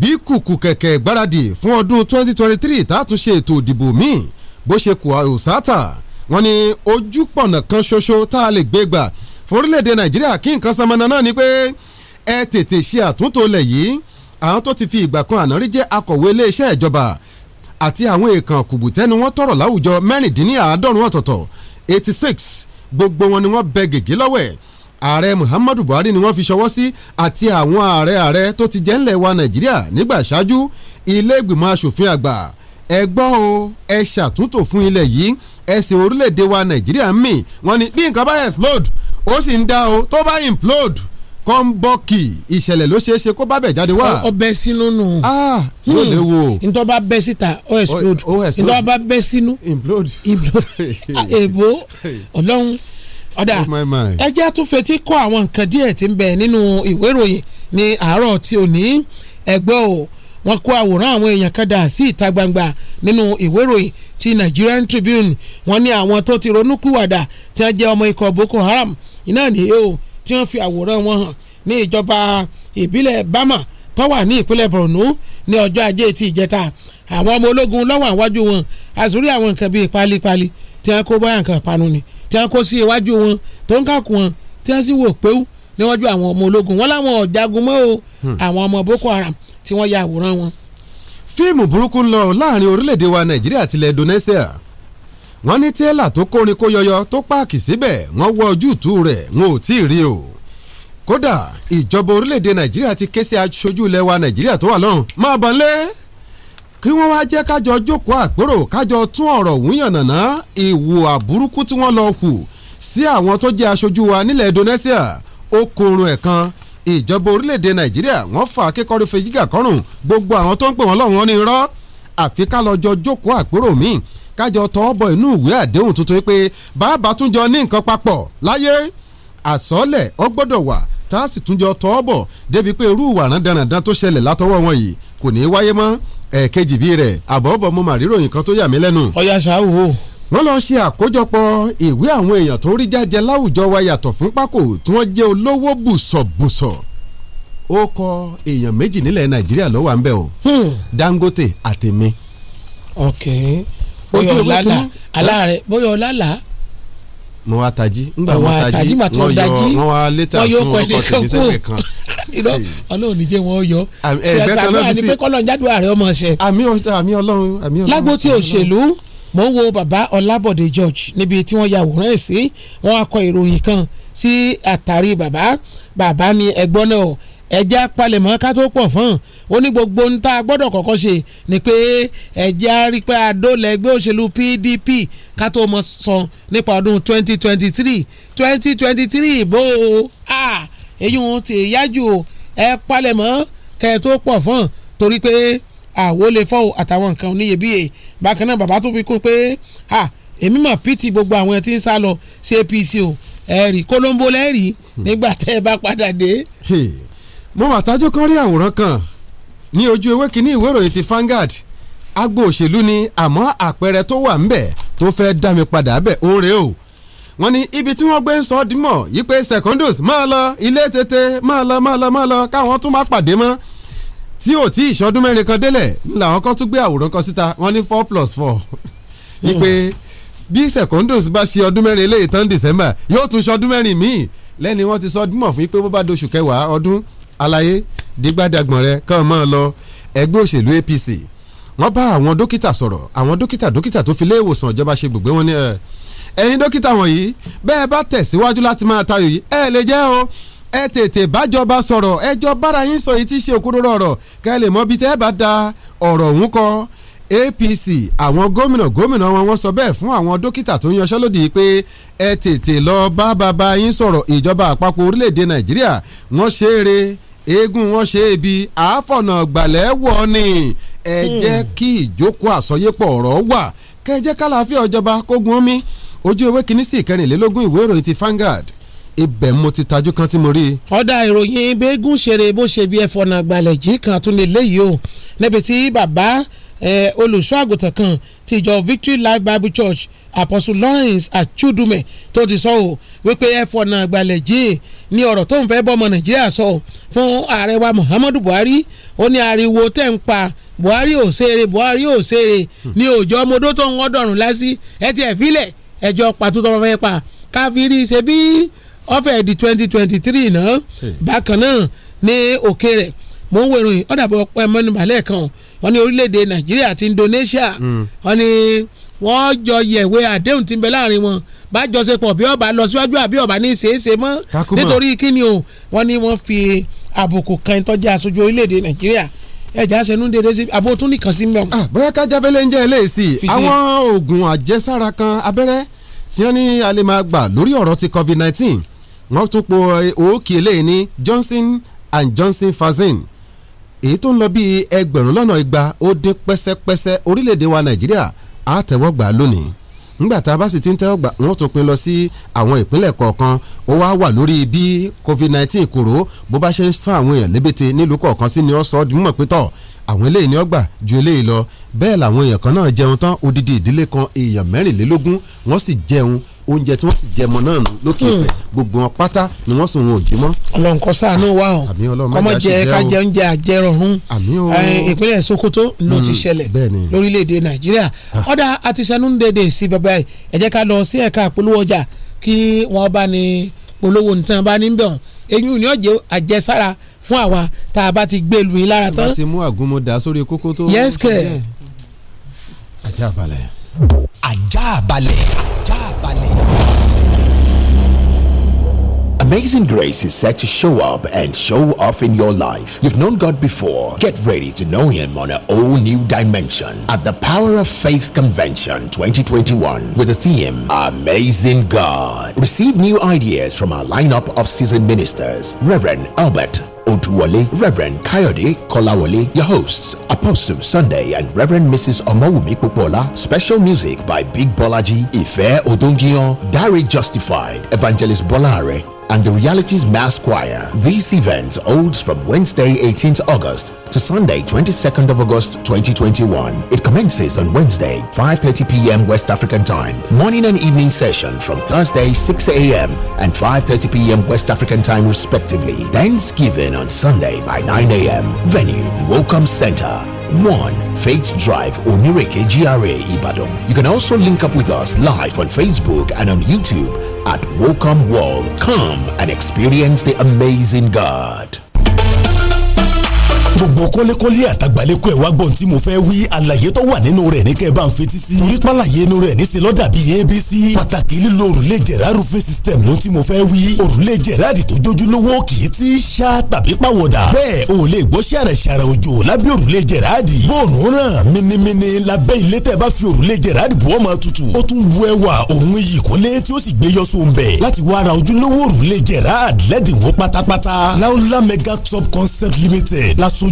bí kùkù kẹ̀kẹ́ gbáradì fún ọdún 2023 tààtúnṣe ètò ìdìbò míì bó ṣe kù àòsáàtà wọ́n ní ojúpọ̀nà kan ṣoṣo tá a lè gbé gbà fún orílẹ̀-èdè nàìjíríà kí nǹkan sanmọ́nà náà ni pé ẹ tètè ṣe àtúntò lẹ̀ yìí àwọn tó ti fi ìgbà kan àná rí jẹ́ akọ̀wé iléeṣẹ́ ìjọba àti àwọn èèkàn kùbùtẹ́ni wọ́n tọ̀rọ̀ láwùjọ mẹ́rìndínláàádọ́rùn-ún ọ̀tọ̀ọ̀tọ̀ eighty six gbogbo wọn ni wọ́n bẹ gègé lọ́wọ́ ààrẹ muhammadu buhari ni wọ́n fi ṣọwọ́ sí àti àwọn ààrẹ ààrẹ tó ti jẹ́ ńlẹ̀ wa nàìjíríà nígbà ṣáájú ilé ìgbìmọ̀ asòfin àgbà ẹ gbọ́ o ẹ ṣàtúntò fún ilẹ̀ yìí ẹsẹ̀ orílẹ̀-èdè wa nàìjíríà ń mì wọ́n ní bí nǹkan bá explode ó sì ń dá o tó bá implode kọ́ńbọ́ọ̀kì ìṣẹ̀lẹ̀ ló ṣeé ṣe kó bá bẹ̀ jáde wá. ọbẹ̀ sínú nù. ah hmm. yóò lè wo. ntọ́ bá bẹ́ síta ó explode. ó explode ntọ́ bá bẹ́ sínú. implode. implode. Ah, èbó ọlọ́run ọ̀dà oh ẹjẹ́ tún fetí kọ́ àwọn nǹkan díẹ̀ tí ń bẹ nínú ìwé ìròyìn ní àárọ̀ tí ò ní ẹgbẹ́ o wọ́n kó àwòrán àwọn èèyàn kan dà sí ìta gbangba nínú ìwé ìròyìn ti Nigerian Tribune wọ́n ní àwọn tó ti ronúkúwàdà tí wọ́n jẹ́ ọmọ ikọ̀ Boko Haram iná nìyẹn o tí wọ́n fi àwòrán wọn hàn ní ìjọba ìbílẹ̀ Bama tó wà ní ìpínlẹ̀ Borno ní ọjọ́ ajé ti ìjẹta àwọn ọmọ ológun lọ́wọ́ àwájú wọn àsórí àwọn nǹkan bíi pálípálí tí wọ́n kó báyà nǹkan panu ni tí wọ́n kó sí iwájú wọn tó ń kàkùn wọn tí wọ́n sì wò péwú níwájú àwọn ọmọ ológun wọn láwọn ọ̀jagun mọ́ o hmm. àwọn ọmọ Boko Haram tí wọ́n ya àwòrán wọn. fíìmù burúkú ń lọ láàrin orílẹ̀-èdè wa Nàìjíríà tilẹ̀ Indonesia wọ́n ní tẹ́là tó kórin kó yọyọ tó páàkì síbẹ̀ wọ́n wọ ojútù rẹ̀ wọn ò tí ì rí o kódà ìjọba orílẹ̀-èdè nàìjíríà ti ké sí aṣojú ilẹ̀ wa nàìjíríà tó wà lọ́rùn máa bọ̀ lé kí wọ́n wá jẹ́ kájọ jókòó àpérò kájọ tún ọ̀rọ̀ wúyànnàná ìwà burúkú tí wọ́n lọ hù sí àwọn tó jẹ́ aṣojú wa nílẹ̀ Indonesia ó korun ẹ̀ kan ìjọba orílẹ̀-èdè nàìjíríà wọ́n fa akẹ́kọ̀ọ́ fèjìgà kọ́rùn gbogbo àwọn tó ń pè wọ́n lọ́wọ́ ní irọ́ àfi jókòó àpérò míì kájọ tọ́ bọ̀ inú ìwé àdéhùn tuntun pé bàbá tún jọ ní nǹkan papọ̀ láyé àsọ́lẹ̀ ó gbọ́dọ̀ wà tá a sì tún jọ tọ́ bọ̀ débi pé irú ìwà rándanràndan tó ṣẹlẹ̀ látọwọ́ wọn yìí kò ní í wáyé mọ́ ẹ̀ẹ́kejì bíi rẹ̀ àbọ̀bọ̀ mo mà ríròyìn kan tó yà mí lẹ́nu. ọ̀yà ṣáà wò ó wọ́n lọ ṣe àkójọpọ̀ ìwé àwọn èèyàn tó rí jájẹ láwùjọ wa yàtọ̀ fún pákó tí wọ́n jẹ́ olówó bùsọ̀bùsọ̀ ó kọ èèyàn méjì nílẹ̀ nàìjíríà ló wà ń bẹ̀ o hmm. Dangote àtèmi. ok bóyá ọ̀làlà aláàrẹ bóyá ọ̀làlà. mo wá tají ngbà mo tají wọn yọ wọn wá létà fún ọkọ tèmi sẹgbẹ kan. ọlọ́run níjẹ́ wọn yọ ṣẹ̀ṣà náà ni pé kọ́lọ́n jáde ààrẹ ọmọ ṣe. àmì ọlọ́run àmì ọlọ́run. lágbo tí òṣèlú mo ń wo bàbá ọlábọ̀dé george níbi tí wọ́n ya àwòrán ẹ̀ sí wọ́n á kọ ìròyìn kan sí àtàrí bàbá bàbá ni ẹ̀gbọ́n náà ẹ̀jẹ̀ apalẹ̀mọ́ ká tó pọ̀ fún un ó ní gbogbo ohun tá a gbọ́dọ̀ kọ́kọ́ ṣe ni pé ẹ̀jẹ̀ arípẹ́ adólẹ̀ òṣèlú PDP ká tó mọ sọ nípa ọdún 2023 2023 bó o a èyí wọn ti yájú o ẹ palẹ̀mọ́ kẹ́ ẹ tó pọ̀ fún un torí pé àwo lè fọ́ àtàwọn nǹkan oníyebíye bákan náà bàbá tún fi kún pé ha èmi mọ̀ pt gbogbo àwọn tí ń sá lọ sí APC o ẹ̀rì kólóńbó lẹ́rìí nígbà tẹ́ ẹ bá padà dé mo mà tájú kan rí àwòrán kan ní ojú ewé kínní ìwé ìròyìn ti Vanguard agbo òṣèlú ni àmọ́ àpẹẹrẹ tó wà ńbẹ̀ tó fẹ́ dá mi padà bẹ̀ ó rèé o wọ́n ní ibi tí wọ́n gbé ń sọ ọ́ dímọ̀ yìí pé secondos máa lọ ilé tètè máa lọ máa lọ máa lọ káwọn tún máa pàdé mọ́ tí ò tí ìṣọdún mẹ́rin kan délẹ̀ làwọn kan tún gbé àwòrán kan síta wọ́n ní four plus four yìí pé bí secondos bá ṣe ọdún mẹ́rin eléyìí tán December yóò tún ṣọdún mẹ́rin míì lẹ́ni wọ́n ti sọ dímọ̀ fún yìí pé bó bá doṣù kẹwàá ọdún aláyé dígbàdàgbọ̀n rẹ kàn máa lọ ẹgbẹ́ òṣèlú APC wọ́n bá àwọn dókítà sọ̀rọ̀ àwọn dókítà dókítà tó fi léèwòsàn ìjọba ṣe gbogbo wọn ní ẹ̀ ẹ̀yin dókítà wọ̀nyí bẹ́ẹ̀ bá tẹ̀síwájú láti máa tayò yìí ẹ̀ lè jẹ́ o ẹ tètè bájọba sọ̀rọ̀ ẹjọ́ bára yín sọ èyí tí ṣe òkúròrò ọ̀rọ̀ kẹ́ lè mọ bí tẹ́ bá da ọ̀rọ̀ òun kọ APC àwọn gómìnà gómìnà wọn wọ́n sọ bẹ́ẹ̀ fún àwọn dókítà tó ń yanṣẹ́lódì pé ẹ tètè lọ bá bàbá yín sọ̀rọ̀ ìjọba àpapọ̀ orílẹ̀-èdè Nàìjíríà wọ́n ṣeré eégún wọn ṣe é bi àáfọ̀nà gbàlẹ́ wọ̀ ni ẹ hmm. jẹ́ kí ìjókòó àsọyépọ̀ ọ̀rọ̀ wà kẹjẹ́ kálàáfíà ọjọba kógun omi ojú ewé kínní sí ìkẹrìnlélógún ìwé ìròyìn ti Vanguard ibẹ̀ mo ti tajú kan tí mo rí. ọ̀dà ìròyìn bẹ́ẹ̀gùn ṣeré bó ṣe bí ẹ̀fọ́nà gbàlẹ̀ jí kan tún lè léyìí o níbi tí bàbá olùṣọ́ àgùntàn kan ti ìjọ Victory Life Bible Church Apostle Lawrence Achudume tó ti sọ o wípé ẹ fọ̀nà àgbàlẹ̀ jíì ní ọ̀rọ̀ tó ń fẹ́ bọ́ ọmọ Nàìjíríà sọ fún ààrẹ wa Muhammadu Buhari ó ní ariwo tẹ̀ ń pa Buhari ò ṣeré Buhari ò ṣeré ní òòjọ́ ọmọdé tó ń wọ́dọ̀rùn lásì ẹ ti ẹ̀ fílẹ̀ ẹjọ́ pàtó tó fẹ́ pa káfírí ṣe bí ọ̀fẹ́ di twenty twenty three náà bákan náà ní òkè rẹ̀ mò ń wèrò yìí ọ̀dàbọ̀ pẹ́ mọ́nìbàlẹ̀ kan wọ́n ní orílẹ̀-èdè nàìjíríà àti indonesia hmm. wọ́n ní wọ́n jọ yẹ̀wé àdéhùn tí ń bẹ láàrin wọn bájọṣepọ̀ bí ọba lọ síwájú àbí ọba ní ṣeéṣe mọ́ nítorí kíni o wọ́n ní wọ́n fi àbùkù kan ìtọ́jú aṣojú orílẹ̀-èdè nàìjíríà ẹja ṣẹnu dédé sí abo tún nìkan sí mẹ́wọ̀n. Ah, bóyá kájábẹ́lẹ́ ń jẹ́ eléyìí àwọn oògùn àjẹsára kan abẹ́rẹ́ tí wọ́n ní a lè máa gbà lórí ọ̀rọ̀ ti covid nineteen wọ́n tún po òkè eléyìí ní Johnson and Johnson vaccine èyí tó ń lọ bíi ẹgbẹ̀rún lọ́nà igba ó dín pẹ́sẹ́pẹ́sẹ́ orílẹ̀-èdè wa nàìjíríà á tẹ̀wọ́gbà lónìí nígbà tá a bá sì ti ń tẹ́wọ́gbà wọ́n tún pín lọ sí àwọn ìpínlẹ̀ kọ̀ọ̀kan ó wá wà lórí bí covid-19 kòró bó bá ṣe ń sán àwọn èèyàn lébètè nílùú kọ̀ọ̀kan sí ni ó sọ ọ́ di mímọ̀ pé tọ̀ àwọn eléyìí ni ó gbà ju eléyìí lọ bẹ́ẹ̀ làwọn èèyàn kan náà jẹun tán odidi ìdílé kan èèyàn mẹ́rìnlélógún wọ́n sì jẹun oúnjẹ tí wọ́n sì jẹmọ náà nù lókè ìpẹ́ hmm. gbogbo wọn pátá ni wọ́n sùn wọn ò jí mọ́. ọlọ́run kó wa o kọ́mọ jẹ ká jẹ oúnjẹ àjẹrọ̀rùn ìpínlẹ̀ Sokoto ló ti hmm. ṣẹlẹ̀ lórílẹ̀‐èdè Nàìjíríà ah. ọ̀dà àti sanúndéédé sí bàbá ẹ̀ ẹ jẹ́ ká lọ sí ẹ̀ka polówó ọjà kí wọ́n bá ní polówó nìtàn bá ní bẹ̀rùn eyín ni ọ̀jẹ̀ àjẹsára fún àwa tá a bá ti gbé lu yín tán. láti mú àgúnmọ̀dá sórí kókó tó. Amazing grace is set to show up and show off in your life. You've known God before. Get ready to know Him on a whole new dimension at the Power of Faith Convention 2021 with the theme Amazing God. Receive new ideas from our lineup of seasoned ministers. Reverend Albert Otuwale, Reverend Kayode Kolawole, your hosts, Apostle Sunday and Reverend Mrs. Omawumi Popola. Special music by Big Bolaji, Ife Odongion, Diary Justified, Evangelist Bolare, and the Realities Mass Choir. This event holds from Wednesday, 18th August to Sunday, 22nd of August 2021. It commences on Wednesday, 5:30 p.m. West African Time. Morning and evening session from Thursday, 6 a.m. and 5:30 p.m. West African Time respectively. Thanksgiving on Sunday by 9 a.m. Venue: Welcome Center, 1. Faith Drive Onireke GRA Ibadan. You can also link up with us live on Facebook and on YouTube at Welcome World. Come and experience the amazing God. gbogbo kọ́lékọ́lé àtàgbàlékọ́ ẹ̀ wá gbọ́n tí mo fẹ́ wí àlàyé tó wà nínú rẹ̀ ní kẹ́ẹ̀ bá ń fetí sí. torí pàlàyé inú rẹ̀ ní ṣe lọ́dà bíi abc pàtàkì lílo òrùlé gerard roofing system ló tí mo fẹ́ wí. òrùlé gerard tó jójúlówó kì í ti ṣá tàbí pàwọ̀dà. bẹ́ẹ̀ o lè gbọ́ ṣàrẹ̀ ṣàrẹ̀ òjò lábẹ́ òrùlé gerard. bóòrùn ràn minimini lábẹ́ ilé tẹ́ bá fi òrùlé gerard bù ọmọ tutù. ó tún bu ẹwà òun iyì kólé tí ó sì gbé yọ sóun bẹ̀. láti wá ra ojúlówó òrùlé gerard lẹ́dínwó pátápátá. laola mega top concept limited lasun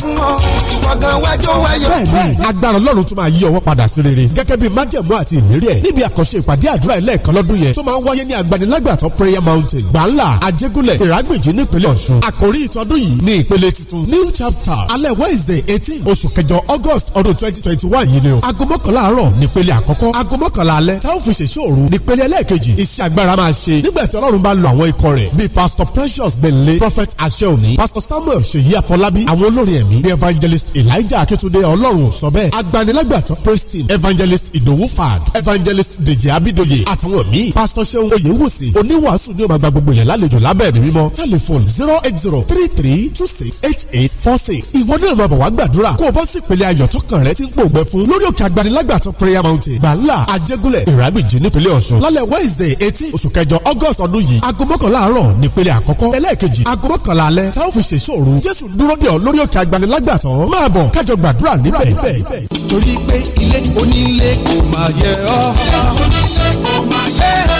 fún agbára Ọlọ́run tún máa yí ọwọ́ padà sí rere gẹ́gẹ́ bí májẹ̀mú àti ìlérí ẹ̀ níbi àkànṣe ìpàdé àdúrà ẹlẹ́ẹ̀kan lọ́dún yẹn tó máa ń wáyé ní agbanilágbàtọ́ prayer mountain gbàǹlà àjẹgúnlẹ̀ ìrágbèjì nípínlẹ̀ Ọ̀ṣun àkòrí ìtọ́dún yìí ní ìpele tuntun new chapter alẹ́ wednesday eighteen oṣù kẹjọ august ọdún twenty twenty one yìí ni o aago mọ́kànlá àárọ̀ nípele àkọ́kọ́ aago mọ́kànlá alẹ́ táwọn fi ṣèṣe òru nípele ẹlẹ́ẹ̀kejì iṣẹ́ agbára máa ṣe nígbà tí Ọlọ́run bá lo àwọn ikọ̀ rẹ̀ bíi pastor precious Benle, prophet aseoni pastor samuel ṣèyí àfọlábí àwọn olórin ẹ̀mí ni evangelist elijah akitunde ọlọ́run sọ bẹ́ẹ̀ agbanilágbàtàn preston evangelist ìdòwú fad evangelist dèjì abidoye àtàwọn míì pastor seun oyewusi oníwàásù ni ó gbogbo yẹn lálejò lábẹ́ ẹ̀mí mímọ́ telephone zero eight zero three three two six eight eight four six ìwọ náà máa bọ̀ wá gbàdúrà kó o bọ́ sí ìpele ayọ̀ tó kàn rẹ́ ti ń pòǹgbẹ fún lórí òkè agbanilágbàtàn prayer mountain gbàlá àjẹgúnlẹ̀ ìrágbìjì nípínlẹ̀ ọ̀ṣun lálẹ́ wednesday eighteen oṣù kẹjọ august ọdún yìí aago mọ́kànlá àárọ̀ nípele àkọ́kọ́ ẹlẹ́ẹ̀kejì aago mọ́kànlá alẹ́ táwọn fi ṣèṣòro jésù dúró dè ọ́ lórí òkè ag agbanilágbàtọ́ máa bọ̀ kájọ gbàdúrà níbẹ̀. torí pé ilé onílé kò máa yẹ ọ́. ilé onílé kò máa yẹ ọ́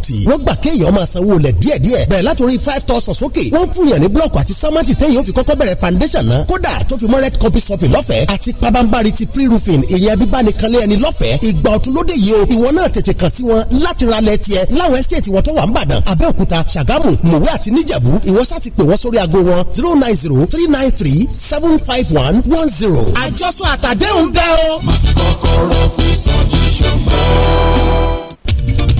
property wọ́n gbà kéèyàn máa sanwó lẹ̀ díẹ̀díẹ̀ bẹ̀rẹ̀ látòrí five thousand sókè wọ́n fún yàn ní blọ́ọ̀kù àti sámẹ́ǹtì téèyàn fi kọ́kọ́ bẹ̀rẹ̀ foundation náà kódà tó fi mọ́ red copy sọ́fìn lọ́fẹ̀ẹ́ àti pabambari ti free roofing ìyẹn bíbánikanlé ẹni lọ́fẹ̀ẹ́ ìgbà ọ̀tún lóde yìí o ìwọ náà tètè kàn sí wọn láti ra lẹ̀ tiẹ̀ láwọn estate wọn tó wà ń bàdàn zero nine zero three nine three seven five one one zero. àjọsọ àtàdéhùn bẹ́ẹ̀ o. màsí kọ́kọ́rọ́ fi sọ́jí ṣùgbọ́n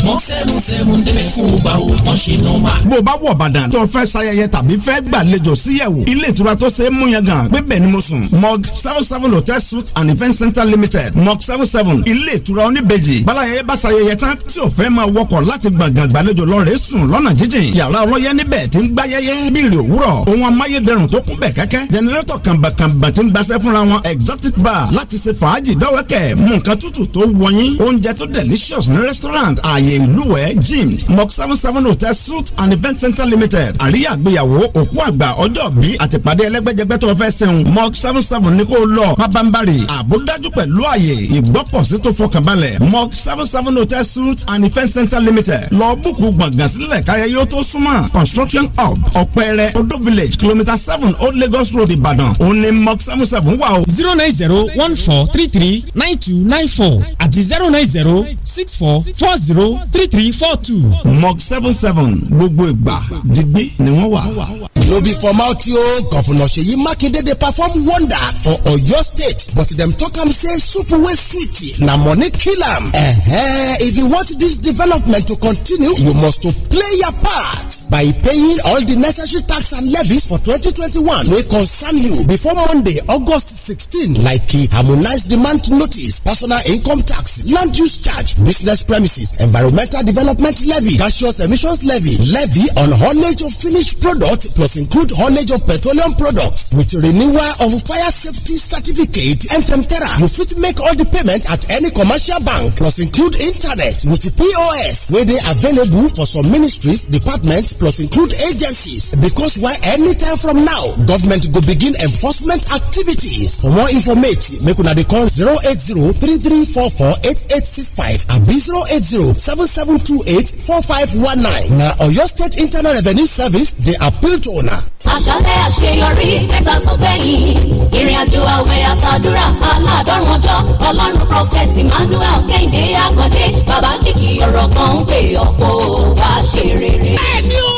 mọ seven seven dẹ́mẹ́kù bá o kàn ṣe nọ́mà. bó o bá wọ̀ bàdàn tó fẹ́ ṣayẹyẹ tàbí fẹ́ gbàlejò síyẹ̀wò ilé ìtura tó ṣe é mú yẹn gan pé bẹ́ẹ̀ ni mo sùn. mog seven seven hotel suite and event center limited mog seven seven ilé ìtura oníbejì bálayẹyẹ bá ṣayẹyẹ tán tí o fẹ́ máa wọkọ̀ láti gbàngàn gbàlejò lọ́ọ̀rẹ́ sùn lọ́nà jíjìn yàrá ọlọ́yẹ níbẹ̀ tí ń gbáyẹyẹ bíi òwúrọ̀ ohun amáyédẹrùn tó kún bẹ̀ kẹ́kẹ́ jẹnẹrétọ̀ kàǹbàkàǹbà tí ń gbaṣẹ́ fúnra wọn exotic bar láti ṣe fàájì dọ́wẹ́kẹ̀ mú nǹkan tútù tó wọ̀nyí oúnjẹ tó delicious ní rẹ́sítọ́rà restaurant ààyè ìlúwẹ̀ gym mok seven seven hotel suite and event center limited àríyá àgbéyàwó òkú àgbà ọjọ́ bí àtìpàdé ẹlẹ́gbẹ́jẹgbẹ́ tó fẹ́ sẹ́hun mok seven seven ní kó lọ pábánbárì àbódájú pẹ̀lú ààyè ìgbọ́kọ̀sí tó fọkànbalẹ̀ mok seven seven hotel suite and event center limited lọ búkú gbọ̀ngàn sílẹ̀ káyẹ yóò tó súnmọ́ construction hub ọ̀pẹ̀rẹ̀ Odo village kilometre seven old lagos road ìbàdàn òun ni mok seven seven wà o. zero nine zero one four three three nine two nine four àti zero nine zero six four four zero three three four two. mok seven seven gbogbo ìgbà digbí ni wọ́n wà no be for mouth o governor seyi makinde dey perform wonder for oyo state but dem talk am say soup wey sweet na money kill am eh if you want dis development to continue you must to play your part by paying all di necessary tax and levies for 2021 wey concern you before monday august 16 like harmonized demand notice personal income tax land use charge business premises environmental development levy gaseous emissions levy levy on haulage of finished product plus include haulage of petroleum products with renewal of fire safety certificate and mtmterra you fit make all the payment at any commercial bank plus include internet with pos where they available for some ministries departments plus include agencies because why anytime from now government go begin enforcement activities for more information make una dey call 080 3344 8865 abi 080 7728 4519 Now, oyo state internal revenue service they appeal to ọ̀nà. àṣálẹ̀ àṣeyọrí mẹ́ta tó gbẹ̀yìn ìrìn àjò àwẹ̀ àtàdúrà aláàdọ́rùn ọjọ́ ọlọ́run prophet emmanuel kẹ́hìndé àkàndé bàbá kìkì ọ̀rọ̀ kan ń pè ọ̀pọ̀ wá ṣe rere. bẹ́ẹ̀ ni o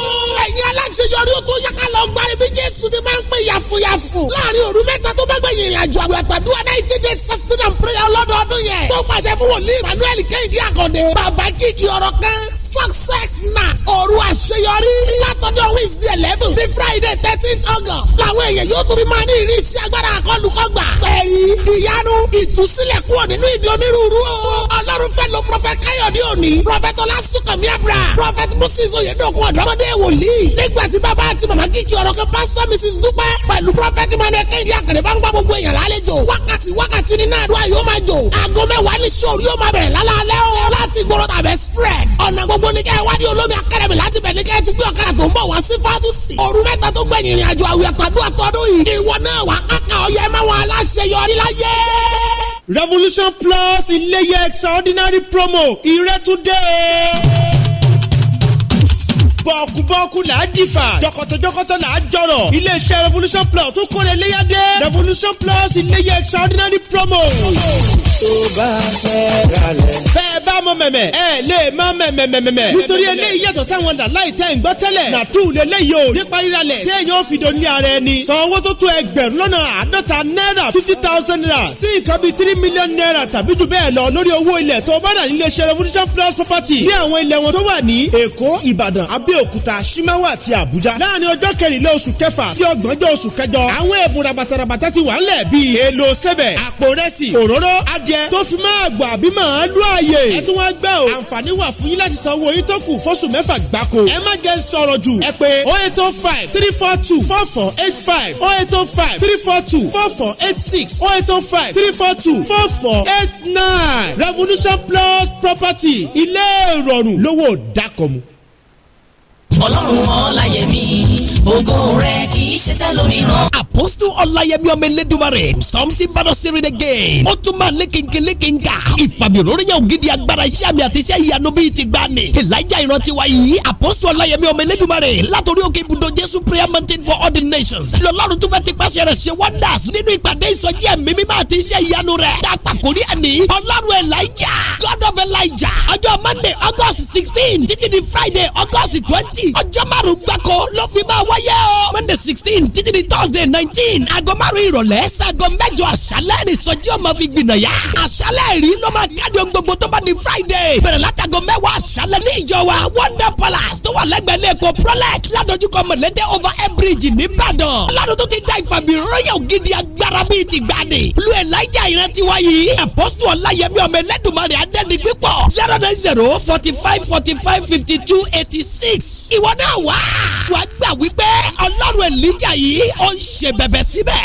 ẹ̀yin aláṣeyọrí o tó yẹ ká lọ gbá ibi jẹ́ jésù ti máa ń pè yàfùyàfù láàrin òru mẹ́ta tó bá gbẹ̀yìn ìrìn àjò àgbẹ̀ àtàdúrà ninety days sixteen and prayer lọ́dọọdún yẹn tó pàṣẹ fún wòlíì emmanuel kẹ́hìndé àkàndé bàbá kìkì ọ̀rọ̀ kan success night òru àṣeyọrí látọjọ́ wednesday eleven ní friday thirteenth august làwọn èèyàn yóò tún fi máa ní ìrísí agbára àkọlùkọgbà ẹ̀rí ìyanu ìtúsílẹ̀ kúrò nínú ìdí onírúurú o ọlọ́run fẹ́ lo prophet káyọ̀dé òní prophet ọlásùnkànmí abra prophet moses oyèdókun ọ̀dọ́mọdé wòlíì nígbà tí bàbá àti màmá kìkì ọ̀rọ̀ kan pásítọ̀ mrs dúpẹ́ pẹ̀lú prọfẹ̀tì manu ẹ̀kẹ́yìndé àkàrẹ̀ bá ń gbá gbogbo èèyàn lálejò wákàtí wákàtí ní náà àdúrà yóò máa jò aago mẹ́wàá ní sóòrù yóò máa bẹ̀rẹ̀ lálẹ́ o láti gbọ́dọ̀ tàbí express ọ̀nà gbogbo ní kẹ́ wádìí olómi akẹ́rẹ́mì láti bẹ̀ ní kẹ́ ti gbé ọ̀kadà tó ń bọ̀ wá sí fádùsì òru mẹ́ta tó gbẹ̀yìn ìrìn àjò àwìn àtàdúrà tọdún yìí ìwọ náà wà revolution plus ilé extraordinary promo ìrẹ́túndé bọ́ọ̀kú-bọ́ọ̀kú là á jìfà jọkọ̀tọ̀jọkọ̀tọ̀ là á jọ̀rọ̀ iléeṣẹ́ revolution plus tó kọ́ni ẹlẹ́yà dé revolution plus iléyẹ extraordinary promo. tó bá fẹ́ ra lẹ̀. bẹ́ẹ̀ bá mọ mẹ̀mẹ̀ ẹ lè má mẹ̀mẹ̀mẹ̀mẹ̀. nítorí eléyìí yàtọ̀ sáwọn làláì tẹ́ ń gbọ́ tẹ́lẹ̀ nàtú lélẹ́yìí o nípa ríra lẹ̀ téèyàn ò fi dòní ara ẹni. san owó tó tó ẹgbẹ̀rún lọ́nà àádọ́ta náírà fifty thousand naira sí nǹkan bíi three million naira tàbí jù bẹ́ẹ̀ lọ lórí owó ilẹ̀ tó bá rà nílé iṣẹ́ revolution plus property ní àwọn ilẹ̀ wọn tó wà ní èkó ìbàdàn àbí abẹ́òkúta ṣímáwá àti àbújá láàrin ọjọ́ kẹrìnlá oṣù kẹfà sí ọgbọ̀njọ́ oṣù kẹjọ àwọn ẹ̀bùn rabatarabata ti wà ńlẹ̀ bíi èlò sẹ́bẹ̀ àpò rẹ́sì òróró adìẹ tó fi máa gbà àbí máa lú àyè ẹ tún wá gbẹ́ o àǹfààní wà fún yín láti san owó yín tó kù fọ́sùn mẹ́fà gbáko ẹ má jẹ́ sọ̀rọ̀ jù ẹ pé oh eight oh five three four two four four eight five oh eight oh five three four two four four eight six oh eight oh five three four two four four eight nine revolution plus property ilé ìrọ̀rùn lówó dákọ̀mu ọlọ́run ọláyẹmí ògo rẹ kì í ṣe tẹlòmíràn. apostle ọláyẹmí ọmọ elédùmarè sọmsi bàdàn sí rìn again ó tún máa lékenkè lékenka ìfàmì olóríyàn ògidì agbára iṣẹ́ àmì àti iṣẹ́ ìyanu bíi ti gbà ní. elijah ìrántí wa yìí apostle ọláyẹmí ọmọ elédùmarè látòrí òkè ibùdó jésù prayer mountain for all the nations lọ́lọ́run tún fẹ́ ti pàṣẹ rẹ̀ ṣe wonders nínú ìpàdé ìsọjí ẹ̀mí mímọ́ àti iṣẹ́ ìyanu rẹ̀ dàgbà kò rí ẹni elijah god of elijah ọjọ́ monday august sixteen títí di friday august twenty ọjọ́ márùn-ún gbáko ló fi máa wáyé wáyé o monday sixteen títí di thursday nineteen aago márùn-ún ìrọ̀lẹ́ sago mẹ́jọ àṣálẹ́ nìsọjí ọmọ fi gbìnà yá àṣálẹ́ rí ló máa kárí ohun gbogbo tó bá di friday bẹ̀rẹ̀ látago mẹ́wàá àṣálẹ́ ní ìjọ wa wonder palace tó wà lẹ́gbẹ̀ẹ́ ilé epo prolec ládojúkọ mọ̀lẹ́tẹ̀ over air bridge nìbàdàn ládùn tó ti da ìfàmì rọ́yà ògidì agbára bíi ti gbani lu elijah ìrántí wáyé apọ́sù ọláyẹmí ọmọ ẹlẹ́dùnmarè adẹ́nigbípọ̀ zero nine zero forty five forty five fifty two eighty six ìwọ náà wá wàá gbà wípé pé ọlọ́run èlíjà yìí ó ń ṣe bẹ̀bẹ̀ síbẹ̀.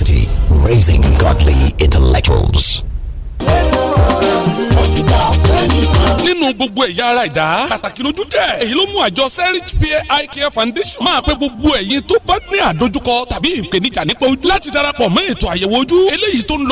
University, raising godly intellectuals. nínú gbogbo ẹ̀yà ara ìdá pàtàkì lójú jẹ́ èyí ló mú àjọ serich peer eye care foundation máa pé gbogbo ẹ̀yin tó bá ní àdójúkọ tàbí ìpèníjà nípa ojú láti darapọ̀ mọ́ ètò àyẹ̀wò ojú eléyìí tó ń lọ